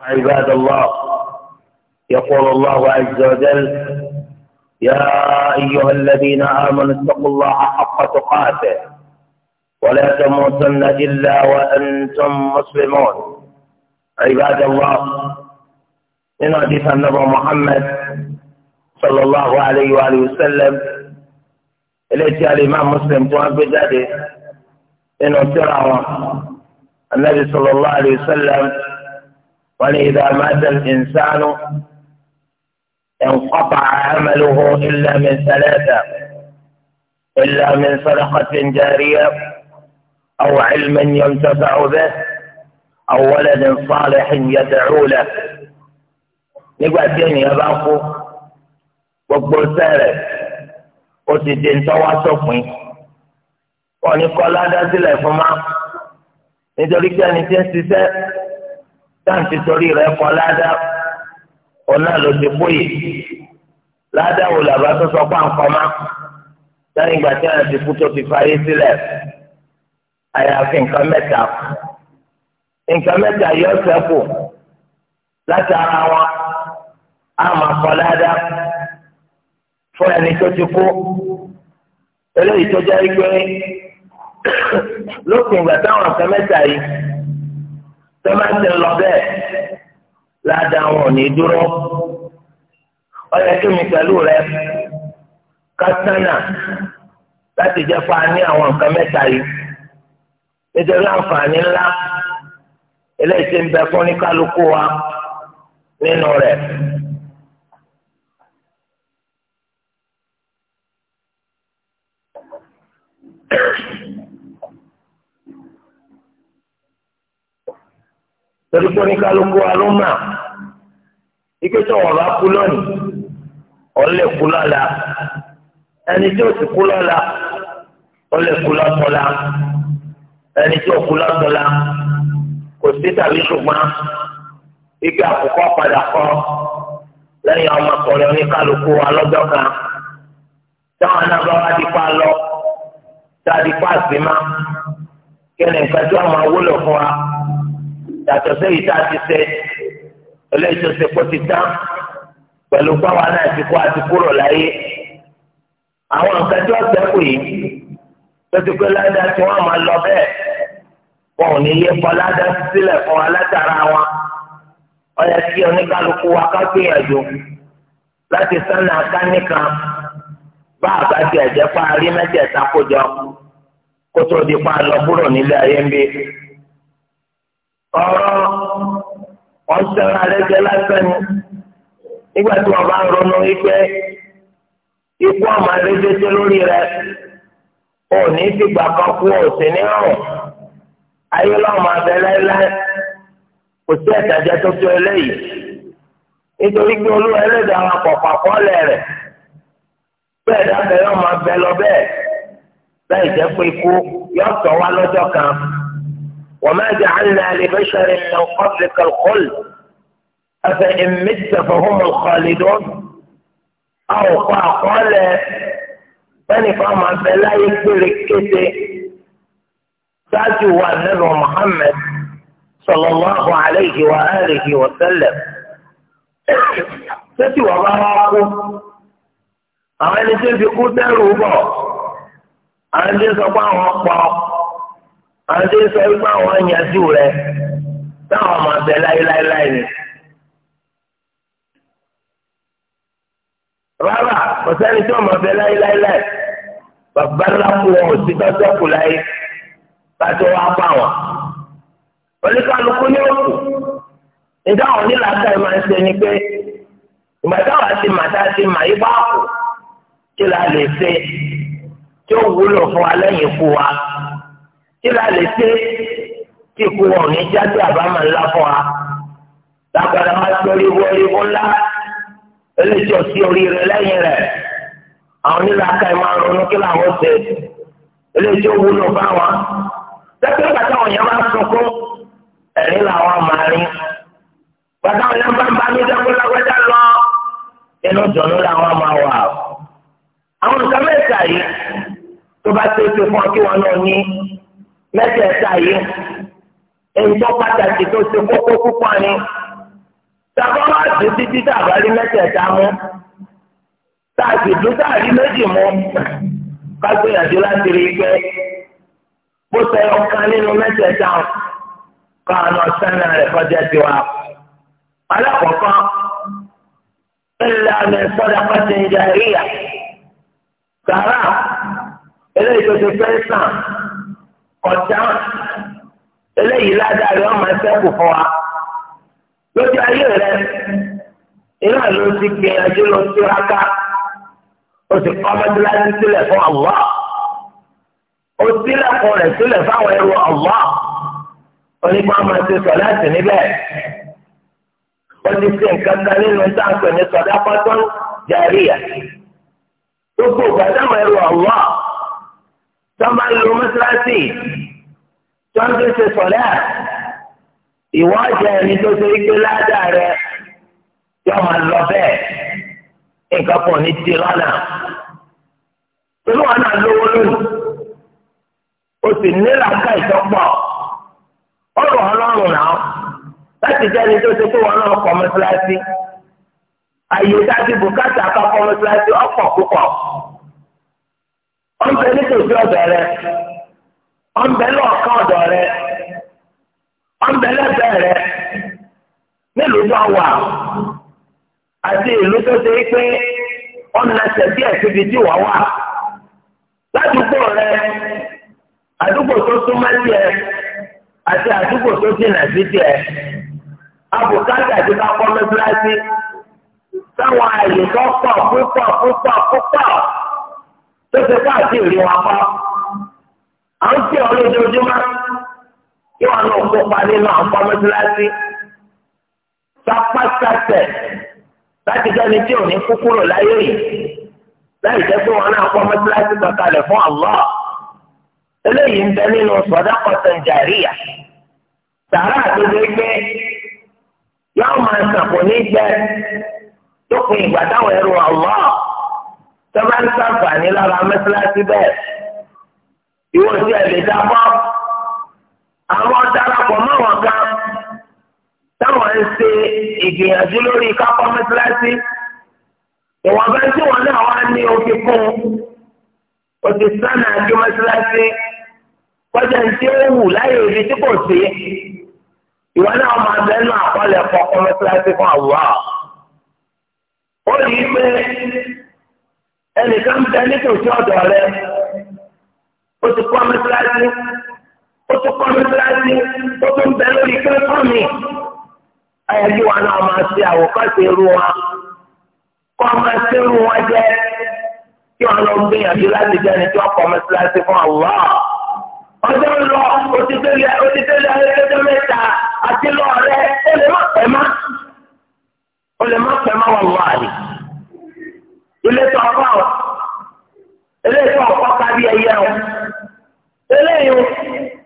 عباد الله يقول الله عز وجل يا أيها الذين آمنوا اتقوا الله حق تقاته ولا تموتن إلا وأنتم مسلمون عباد الله من حديث النبي محمد صلى الله عليه وآله وسلم إليك الإمام مسلم تنبي ذلك إنه ترى النبي صلى الله عليه وسلم ولذا مات الإنسان انقطع عمله إلا من ثلاثة إلا من صدقة جارية أو علم ينتفع به أو ولد صالح يدعو له نقول دين يا باقو وقبل سالك وتي دين تواسقني ونقول هذا سلاح ما نجري كان يتنسي táǹtì torí rẹ̀ kọ́ ládàá ọ̀nà ló ti bóyè ládàá wò làbá tó sọ pé à ń kọ́má lẹ́yìn ìgbà tí àwọn ti kú tó ti fayé sílẹ̀ àyàfi nǹkan mẹ́ta nǹkan mẹ́ta yọ sẹ́kù láti ara wọn á máa kọ́ ládàá fún ẹni tó ti kú eléyìí tó jẹ́ pé lópin ìgbà táwọn nǹkan mẹ́ta yìí tẹ́mẹ́tì lọ bẹ́ẹ̀ ládàá wọn ò ní dúró ọyẹ kí mi pẹ̀lú rẹ kásánà láti jẹ́ pa ní àwọn nǹkan mẹ́ta yìí nítorí àǹfààní ńlá eléyìí ti ń bẹ fún ní kálukú wa nínú rẹ̀. Thank you. torí pé oníkálukú wa ló mà ike tó ọ̀rọ̀ akú lónìí ọ̀lẹ́ kú lọ́la ẹni tí ó sì kú lọ́la ọ̀lẹ́ kú lọ́tọ̀la ẹni tí ó kú lọ́tọ̀la kò sí tàbí ṣùgbọ́n ike àkókò padà kọ́ lẹ́yìn ọmọkùnrin oníkálukú wa lọ́jọ́ kan táwọn anábọ́ wa pa lọ tá a di pa sí ma kí ni nǹkan tí wọ́n fún wa yàtọ̀ sẹ́yìn tá a ti sẹ́ eléyìí tó ṣe kó ti tán pẹ̀lú báwa náà ti kó àti kúrò láyé àwọn nǹkan tí wọ́n sẹ́kù yìí tó ti pé ládàá tí wọ́n máa lọ bẹ́ẹ̀ wọn ò ní yé kọ́ ládàá sílẹ̀ fún wa látara wọn ó yẹ kí oníkálukú wa ká gbìyànjú láti sánà ká bá àbájá ẹ̀jẹ̀ pa arí mẹ́jẹ̀ẹ́ta kó jọ kó tó di pa lọ kúrò nílé ayé ń bí. ọ̀rọ̀ ọ̀sẹ̀rọ̀ àrẹ́jẹ lásán ni nígbà tí wọ́n bá ń ronú ikú ọmọ àrẹ́jẹ tó lórí rẹ̀ ò ní kan kú òsì nírọ̀rùn ayé lọ́mọ abẹ́lẹ́lẹ́ kò sí ẹ̀tàjẹ́ tó tó nítorí pé olúwa lọ jẹ́ pé ikú sọ وما جعلنا لبشر من قبلك الخلد أفإن مت فهم الخالدون أو قال فني فهم عبد الله يكبر كتي ساتوا النبي محمد صلى الله عليه وآله وسلم sẹ́tì wà bá wá kú àwọn ẹni tí ń àwọn tó ń sọ wípé àwọn àyànjú rẹ táwọn ọmọ abẹ láéláéláé ni. rárá kò sẹ́ni tí ọmọ abẹ láéláéláé bàbá ńlá kú wọn ò sí gbàgbọ́kù láyé láti wá bá wọn. oníkàlùkù ní òkú níta àwọn onílàákà yìí máa ń ṣe ni pé ìgbà táwọn àti màtá ti mà yí bá kù kí la lè ṣe tí ó wúlò fún wa lẹ́yìn ikú wa kí la lè ṣe kí ikú wọn ò ní jáde àbámọ̀ ńlá fún wa lágbára máa tó ríwó ríwó ńlá eléjì ọtí oríire lẹ́yìn rẹ̀ àwọn nílò aka ẹ̀ máa ronú kí làwọn ṣe eléjì wúlò fáwọn lẹ́gbẹ̀ẹ́ bàtà wọn yẹn máa sunkún ẹ̀rín làwọn máa rí bàtà wọn yẹn bá ń bá mi dẹ́kun lágbájá lọ inú dùnú làwọn máa wà àwọn nǹkan mẹ́ta yìí tó bá ṣe é ṣe fún ọ kí wọn náà ní. mẹ́tẹ̀ẹ̀ta yìí èyítọ́ pàtàkì tó ṣe kókó púpọ̀ ni sàkọ́wá dùn títí tàbá rí mẹ́tẹ̀ẹ̀ta mú tààrí méjì mú kágbéyàjú láti rí pé bó ṣe ọ̀kan nínú mẹ́tẹ̀ẹ̀ta káànù ọ̀sánà rẹ kọjá sí wa. pàṣẹ ìjà sàrà eléyìí tó ti ọ̀tá eléyìí ládàrí ọmọ ẹsẹ̀kù fún wa lójú ayé rẹ iná ló ti gbìyànjú ló ti ráká o sì kọ́ mẹ́tíláṣí sílẹ̀ fún Allah o sílẹ̀kùn rẹ̀ sílẹ̀ fáwọn ẹrù Allah onígbà máa ti sọ láti níbẹ̀ o ti ṣe nǹkan kan nínú táǹkì ní sọdá pátán jàríyà gbogbo ìgbà ẹrù Allah. tọ́ba ń lo mọ́sálásì tó ń pèsè sọ̀lá ìwọ́ jẹ́ ẹni tó ṣe ike ládàá rẹ tí wọ́n máa lọ bẹ́ẹ̀ nǹkan pọ̀ ní ti lọ́nà. Irú wọn náà lówó lónìí. O sì nílà ká ìtọ́pọ̀. Ó rọ̀ ọ́ lọ́rùn náà láti jẹ́ ẹni tó ṣe pé wọn náà kọ́ mọ́sálásí. Àyè tá a ti bùkátà kọ́ mọ́sálásí ọ̀pọ̀ púpọ̀. ọ̀nbẹ nítòsí ọ̀dọ̀ rẹ ọ̀nbẹ lọ́ọ̀kan ọ̀dọ̀ rẹ ọ̀nbẹ lẹ́bẹ̀ẹ́ rẹ nílùú tó wà àti ìlú tó ṣe pé ọ̀nà tẹ̀sí ẹ̀sìbi tí wà wà ládùúgbò rẹ àdúgbò tó súnmọ́ àti àdúgbò tó sí tó ṣe káàkiri rí wọn kọ́. à ń pè ọ́ lójoojúmọ́ kí wọn náà kópa láti tí ò ní kú láyé yìí láì jẹ́ pé wọn fún Allah. eléyìí ń bẹ nínú sadaqatan jariyah. sàrà àti gbégbé ìgbà tọ́ba ń sàǹfààní lára mẹ́sàlásí bẹ́ẹ̀ ìwọ sí ẹ̀lẹ́ dábọ́ àwọn darapọ̀ mọ́wọ́n kan táwọn ń ṣe ìgbìyànjú lórí kápọ́ mẹ́sàlásí ìwọ̀nba tí wọn náà wá ní òfin fún o ti sánà àti mẹ́sàlásí kọjá ní tí ó wù láyé ibi tí kò sí ìwọ náà máa bẹ́ẹ̀ nù àkọọ́lẹ̀ fọkọ́ mẹ́sàlásí fún àwùwá ó rí i pé ẹnìkan bẹ nítòsí ọ̀dọ̀ rẹ ó ti kọ́ mẹ́tíláṣí ó ti kọ́ mẹ́tíláṣí ó tún bẹ lórí kẹ́kọ̀ọ́ mi ayẹyẹ wa náà máa ṣe àwòkọ́ṣe irú wa kọ́ máa ṣe irú wa jẹ́ kí wọn lọ gbìyànjú láti jẹ́ ẹni tí wọ́n kọ́ mẹ́tíláṣí fún àwùwá ọjọ́ ń lọ òtítẹ́lẹ̀ òtítẹ́lẹ̀ ayẹyẹ mẹ́ta àti lọ́ọ̀rẹ́ ó lè má pẹ́ má ó lè má pẹ́ má wà wáyé. ilé tó ọkọ àwọn ilé ọkọ kábí ẹyẹ wọn eléyìí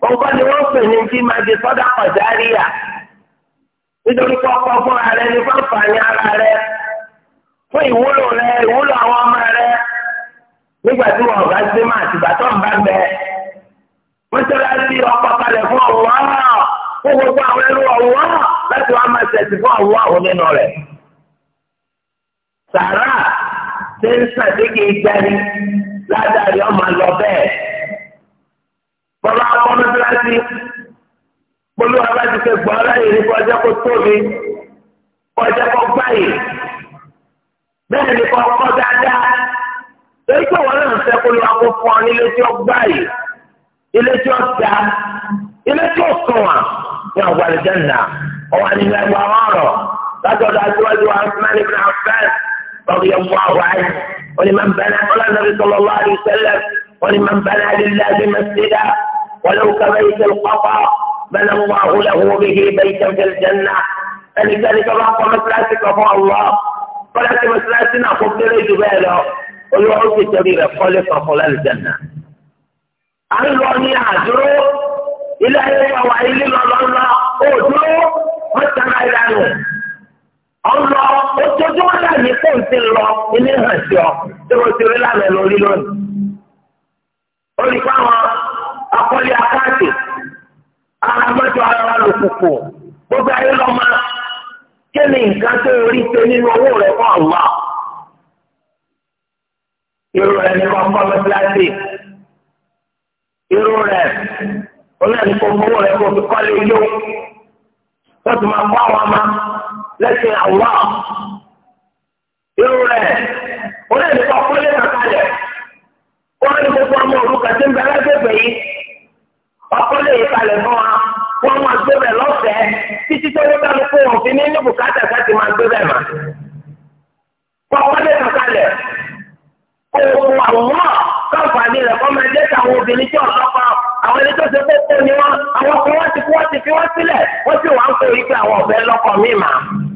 ọkọ ni wọn pè ní kí máa di sọdá kọjáríà nítorí pé ọkọ fúnra rẹ ní fáfàní ara rẹ fún ìwúlò rẹ ìwúlò àwọn ọmọ rẹ nígbà tí wọn bá sí máa tìgbà tó ń bá bẹ ọkọ kalẹ̀ fún ọwọ́ fún gbogbo àwọn ọwọ́ láti máa ṣé ń sàn sí kì í ọ ládàrí lọ bẹẹ Bọ́lá ọmọ mẹ́tíláṣí polówó abájú ṣe gbọ́ láyé ní kọjá kó tóbi kọjá kó gbáyé. Bẹ́ẹ̀ ni kò kọ́ dáadáa. Lórí pé wọ́n náà ń fẹ́ polówó ọ nílé tí ó gbáyé, ilé tí ó ilé tí ó sunwọ̀n ní ọ̀rọ̀ رضي الله عنه ولمن بنى قال النبي صلى الله عليه وسلم ولمن بنى لله مسجدا ولو كبيت القطا بنى الله له به بيتا في الجنة فلذلك بقى مسلاسك رفع الله ولكن مسلاسنا لي جباله ويعود كبيرة خلق خلال الجنة àìlọ́ni àdúró ilé ayé wa ilé lọ́lọ́lọ́ òdúró حتى ما ìlànà ọlọ ojoojúmọ́ náà ní kó n ti lọ ilé hàn sí ọ tí mo ti rí lánàá lórí lónìí. olùkọ́ àwọn akọ́lé akáàtì ara mọ́tò ara wa lòkùkù gbogbo ayé lọ́mọ kí ni nǹkan tó rí ṣe nínú owó rẹ̀ fún ọ̀wá. irú rẹ̀ ní wọ́n kọ́ mẹ́tíláṣí irú rẹ̀ olóyè ní kó owó rẹ̀ kó fi kọ́lé yó wọ́n ti máa kọ́ àwọn ọmọ. lẹ́sìn àwòrán irú rẹ̀ ó lè nípa kọ́lé kàkálẹ̀ ó lè gbogbo ọmọ òrùka tí ń bẹ lágbègbè yìí ọkọ́lé yìí kalẹ̀ fún wa wọ́n máa gbé bẹ̀ lọ́fẹ̀ẹ́ títí tó wọ́n dáná fún wọn fi ní ní bùkátà káti máa gbé bẹ̀ mà. kọ́kọ́lé kàkálẹ̀ òun àwòrán káfààní rẹ̀ kọ́ máa jẹ́ káwọn obìnrin tí ọ̀dọ́ àwọn ẹni tó ṣe kókó ni wọn àwọn kan wọ́n ti fi wọ́n ti fi sì wá ń àwọn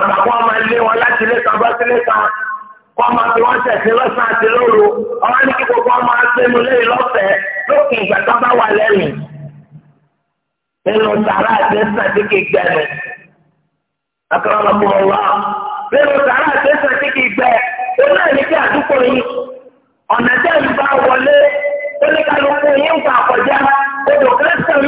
bàbá kó ọmọ ilé wọn láti ilé bá sílé kan kó ọmọ tí lọ́sàn àti lóru ọmọ ní ọmọ lẹ́yìn lọ́fẹ̀ẹ́ lókè ìgbà tó bá wà nínú sàrà àti lọ́kùnrin nínú sàrà àti kí àdúgbò yìí ọ̀nà wọlé oníkàlùkù ń odò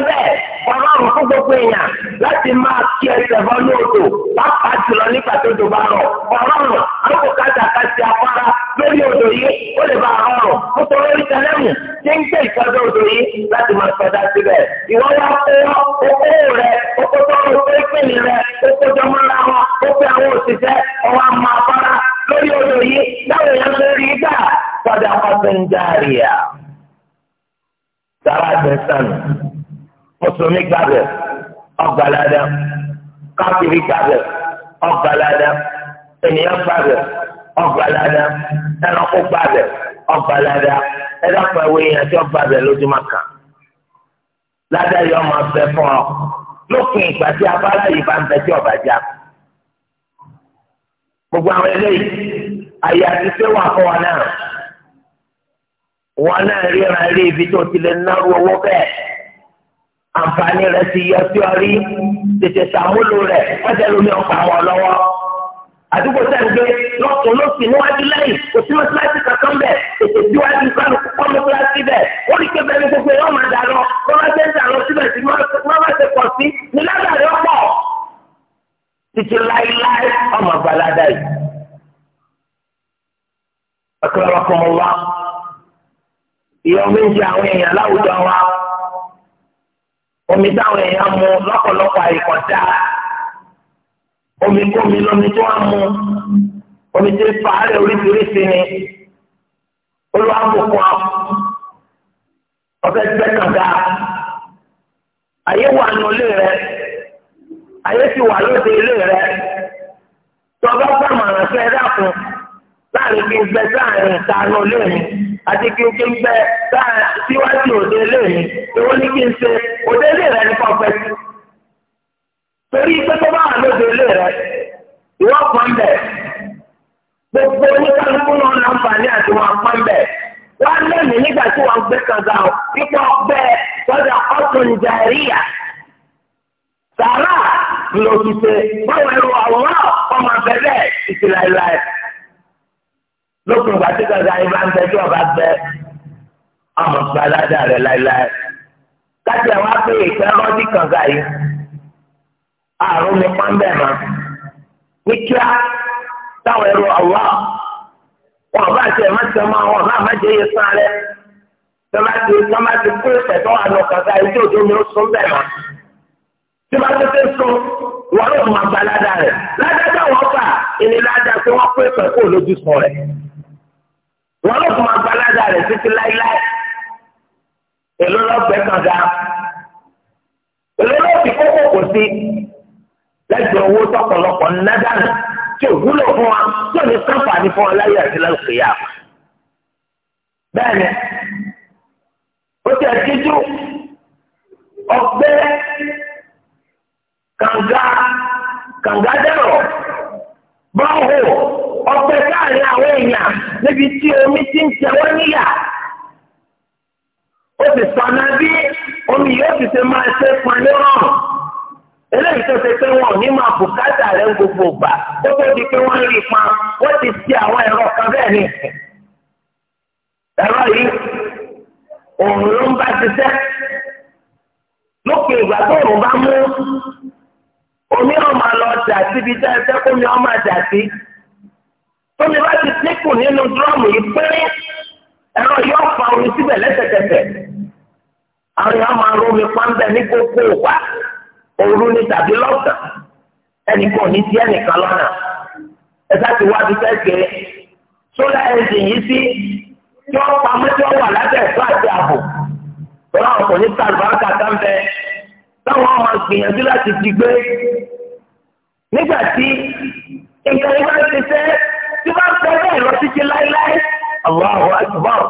bẹ́ẹ̀. ọlọ́run fún gbogbo èèyàn láti máa kí ẹsẹ̀ bọ́ ní odò pápá jùlọ nígbà tó dò bá rọ̀ ọlọ́run àwọn kàtàkà ti afárá lórí odò yìí ó lè bá ọrọ̀ nítorí oríṣiríṣi tí ń gbé ìsọdọ̀ odò yìí láti máa sọdá síbẹ̀ ìwọ́n wá pé oko rẹ̀ oko tó ń pè pè rẹ̀ oko jọmọ́ra wọn ó pe àwọn òṣìṣẹ́ ọwọ́ àmọ́ afárá lórí odò yìí láwọn èèyàn lórí gbà sọdá wọn ti ń járe à. mùsùlùmí gbàgbẹ ọgbàládà káfíìrì gbàgbẹ ọgbàládà ènìyàn gbàgbẹ ọgbàládà ẹranko gbàgbẹ ọgbàládà ẹdàpọ̀ ẹwé yẹn tí ọgbàgbẹ lójúmọ́ kan ládàá yìí ọmọ abẹ fún ọ lópin ìgbà tí abala yìí bá ń bẹ tí ọba já gbogbo àwọn eléyìí àyè àti pé wà fún wa náà wọn náà ríran rí ibi tó ti lè náwó owó bẹ́ẹ̀ àǹfààní rẹ̀ ti yọ sí ọ rí tètè sàmúlò rẹ̀ wọ́n jẹ́ lómi ọ̀pọ̀ àwọn lọ́wọ́ àdúgbò sẹ́ńgbé lọ́kùn lọ́sì níwájú lẹ́yìn kò sí mọ́síláṣí kankan bẹ́ẹ̀ ètò síwájú kánú kọ́ mọ́síláṣí bẹ́ẹ̀ ó rí pé bẹ́ẹ̀ ni gbogbo yóò máa dà lọ kó má ṣe ń dà lọ síbẹ̀ sí má má ṣe pọ̀ sí ní lágbàdo pọ̀ títí láéláé ọmọ àgbàládà yìí. ọ̀kẹ́rọ̀ ọkọ̀ wa ìyọ̀ méjì àwọn èèyàn láwùjọ wa omi táwọn èèyàn mu lọ́pọ̀lọpọ̀ àìkọ̀dá omi kómi lómi tí wọ́n mu omi tí fàárẹ̀ oríṣiríṣi ni olùwàbùkún ọ̀fẹ́ gbẹ́kànga ayé wà nù ilé rẹ ayé sì wà lóde ilé rẹ tọ́gbọ́n gbàmọ̀ràn fẹ́ dákun láàrin kí n gbẹ sáàrin ìta nù ilé mi àti kí n kí n bẹ táà síwájú òde ilé mi èwo ni kí n ṣe òde ilé rẹ ní kọ́pẹ́ sí. torí pé tó bá wà lóde ilé rẹ ìwọ kan bẹ gbogbo oníkálukú náà láǹfààní àti wọn kan bẹ wọn lẹ́nu nígbà tí wọn gbé kànga ọ ipò ọgbẹ sọdọ ọtún jàríyà sàrà lòdì báwo ẹrù àwòrán ọmọ bẹ̀rẹ̀ ìtìláìláì lókun ìgbà tí gbàgbà yìí bá ń bẹ tí ọba bẹ ọmọ gbalada rẹ láéláé kájà wá pé ìpẹ́ rọ́ọ̀dì kànga yìí àrùn mi pọ́n bẹ́ẹ̀ mọ́ ní kíá táwọn ẹrù ọ̀wọ́ wọn bá ti ẹ̀ má ti mọ́ wọn bá má jẹ́ iye sán rẹ tọ́mátì tọ́mátì kú ìpẹ̀tọ́ wà lọ kànga yìí tí òjò mi ó sún bẹ́ẹ̀ mọ́ tí wọ́n ti fi sún wọn yóò mọ gbalada rẹ ládàá táwọn fà ìnira dà pé wọ́n kú ìpẹ̀ lójú sùn rẹ̀ wọn ló fún agbálada rẹ̀ títí láíláí èló lọ́gbẹ́ kànga èló lọ́ọ̀fì kókó kò sí lẹ́gbẹ̀ẹ́ owó tọ̀pọ̀lọpọ̀ nádàánù tí ò wúlò fún wa tí ò ní sáǹfààní fún wa láyé àti lálùkìyà bẹ́ẹ̀ni ó ti ẹ̀ títú ọgbẹ́ kànga kànga dẹ̀rọ̀ báwo. ọ̀pẹ káàrin àwọn èèyàn níbi tí omi ti ń jẹ wọ́n níyà. ó sì na bí omi yóò ti ṣe máa ṣe fún ẹni eléyìí tó ṣe pé wọn ò ní máa bùkátà rẹ̀ ń gbogbo ìgbà ó tó di pé wọ́n rí pa wọ́n ti ṣe àwọn ẹ̀rọ kan bẹ́ẹ̀ ni. ẹ̀rọ yìí omi lọ síbi tómi bá ti dínkù nínú dúrọ́ọ̀mù yìí péré ẹ̀rọ yóò fa omi síbẹ̀ lẹ́sẹ̀kẹsẹ̀ àwọn èèyàn máa ń romi pàǹbẹ̀ ní gbogbo ìgbà òru ni tàbí lọ́sàn ẹnì ní tí ẹnìkan lọ́nà ẹ̀sà ti wá fífẹ́ gbé sólà ẹ̀sìn yìí sí tí wọ́n pa wà lábẹ́ ẹ̀fọ́ àti ààbò àwọn kò ní tí bá ń sọ bẹ́ẹ̀ lọ títí láéláé Allahu akbar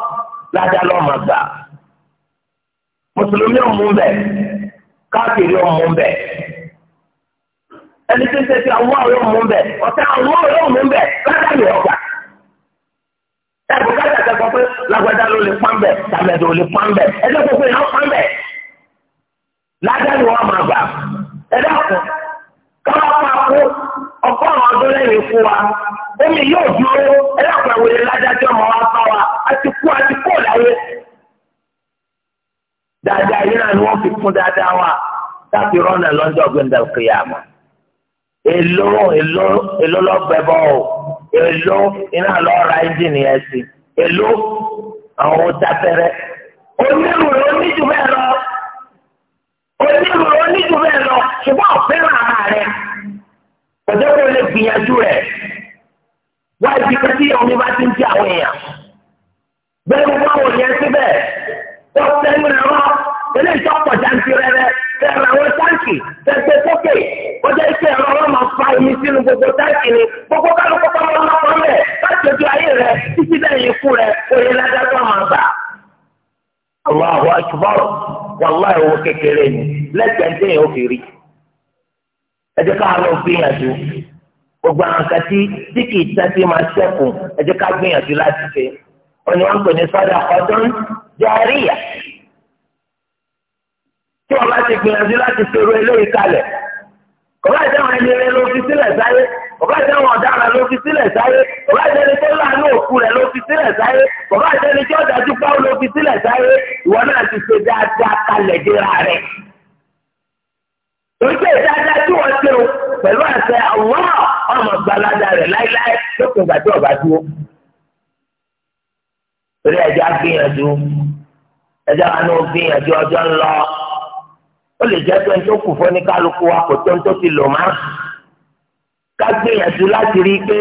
ládàá lọ́ọ́ máa gbà. mùsùlùmí ọ̀mú bẹ̀ káàkiri ọ̀mú bẹ̀ ẹni tí ń tẹ̀sí àwọn ọ̀rẹ́ ọ̀mú bẹ̀ ọ̀tá àwọn ọ̀rẹ́ ọ̀mú bẹ̀ ládàá lè ọ̀gbà. ẹ̀bùn kájà kẹ́kọ̀ọ́ pé lágbádá ló lè pàmbẹ̀ tàmẹ̀dọ̀ lè pàmbẹ̀ ẹ̀jẹ̀ gbogbo ìhàn pàmbẹ̀ ládàá ni wọ́n máa gbà. ẹ dákun káwọn pa kú ọgọ́rùn-ún ọdún lẹ́yìn ikú wa omi yóò dúró ẹlẹ́kùn àwòrán ládájọ́ ọmọ wa bá wa àti kú àti kú ọ̀láyé. dáadáa yìí náà ni wọ́n fi kún dáadáa wa láti rọ́nà lọ́jọ́ gbẹ̀ndẹ̀ kìyàmù. èlò èlò èlò lọ́gbẹ̀bọ̀ o èlò iná lọ ra ẹ́ńjìnì ẹ̀ sí èlò àwọn òtàfẹ́rẹ́. onírúurú oníjú bẹ́ẹ̀ lọ onírúurú oníjú bẹ́ẹ̀ lọ ṣùgbọ́n ọ̀fẹ́ràn ara rẹ̀ kò wá ibi kẹtí omi bá ti ń jẹ àwọn èèyàn bẹ́ẹ̀ wọ́n wò yẹn síbẹ̀ wọ́n sẹ́nu ẹ̀rọ eléyìí tó pọ̀ jáǹtì rẹ̀rẹ̀ tẹ̀rẹ̀ àwọn táǹkì tẹ̀gbẹ́ sókè ọjọ́ iṣẹ́ ẹ̀rọ wọn máa fa omi sínú gbogbo táǹkì ni gbogbo kálukú kọ́kọ́ wọn máa pọ̀ mẹ́ láti ojú ayé rẹ̀ títí lẹ́yìn ikú rẹ̀ òye ládájọ́ gbogbo àwọn kan tí tí kì í tẹ́tí máa ṣẹ́kùn ẹ jẹ́ ká gbìyànjú láti ṣe òní wọn pè ní sọ́dà ọdún jàríyà tí wọn bá ti gbìyànjú láti ṣerú eléyìí kalẹ̀ kò bá jẹ́ àwọn ẹni rẹ ló fi sílẹ̀ sáyé kò bá jẹ́ àwọn ọ̀daràn ló fi sílẹ̀ sáyé kò bá jẹ́ ẹni tó láàánú òkú rẹ̀ ló fi sílẹ̀ sáyé kò bá jẹ́ ẹni tó dájú pàwọ́ ló fi sílẹ̀ sáyé ìwọ náà ti ṣe dáadáa kalẹ̀ dé ra rẹ̀ ojú ìdájá tí wọ́n ṣe o pẹ̀lú àṣẹ àwọn ọmọ gbalaja rẹ̀ láíláí lókun ìgbà tí ọba dúró. torí ẹja gbìyànjú ẹja wa ní o gbìyànjú ọjọ́ ń lọ ó lè jẹ́ pé tó kù fún ní kálukú wa kò tó ń tó ti lò má. ká gbìyànjú láti rí i pé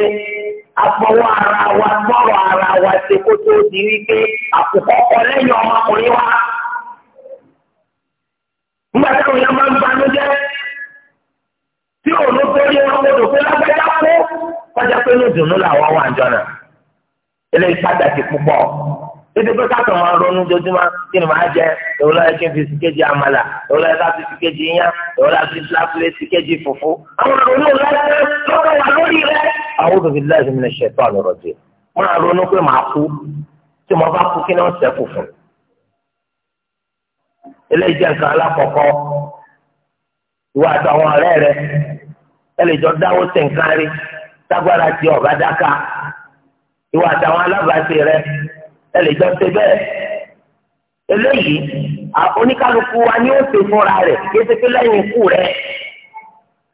afọwọ́ ara wa sọ̀rọ̀ ara wa ṣe kó tó di rí i pé àkùkọ kọ lẹ́yìn ọmọkùnrin wa. nígbà táwọn yẹn máa ń banú jẹ́ tí òun ló tó yẹ wọn gbọ́dọ̀ pé lágbájá kú kọjá pé ní ìdùnnú làwọn wà jọ náà eléyìí pàtàkì púpọ̀ títí pé ká tọ̀wọ́ ronú dojúmọ́ kí ni màá jẹ èwo lọ́yẹ kí n fi síkéjì àmàlà èwo lọ́yẹ láti síkéjì iyán èwo láti láfílẹ̀ síkéjì fùfú. àwọn ronú lọ́wọ́ lọ́wọ́ wà lórí rẹ̀. a'udhu billahi minash shaitanir rajim. mo rà ronú pé màá kú tí mo bá kú kí ni wọ́n sẹ́kù fún. eléyìí jẹ́ nǹkan alákọ̀ọ́kọ́ ìwà àtàwọn ọ̀rẹ́ rẹ̀ ẹ lè jọ dáwọ́ sẹ̀ǹkan rí tágbára tí ọ̀gá dáká ìwà àtàwọn alábàáṣe rẹ ẹ lè jọ eléyìí oníkálukú wa ni ó ṣe fúnra rẹ̀ kí ẹsẹ̀ pé lẹ́yìn ikú rẹ̀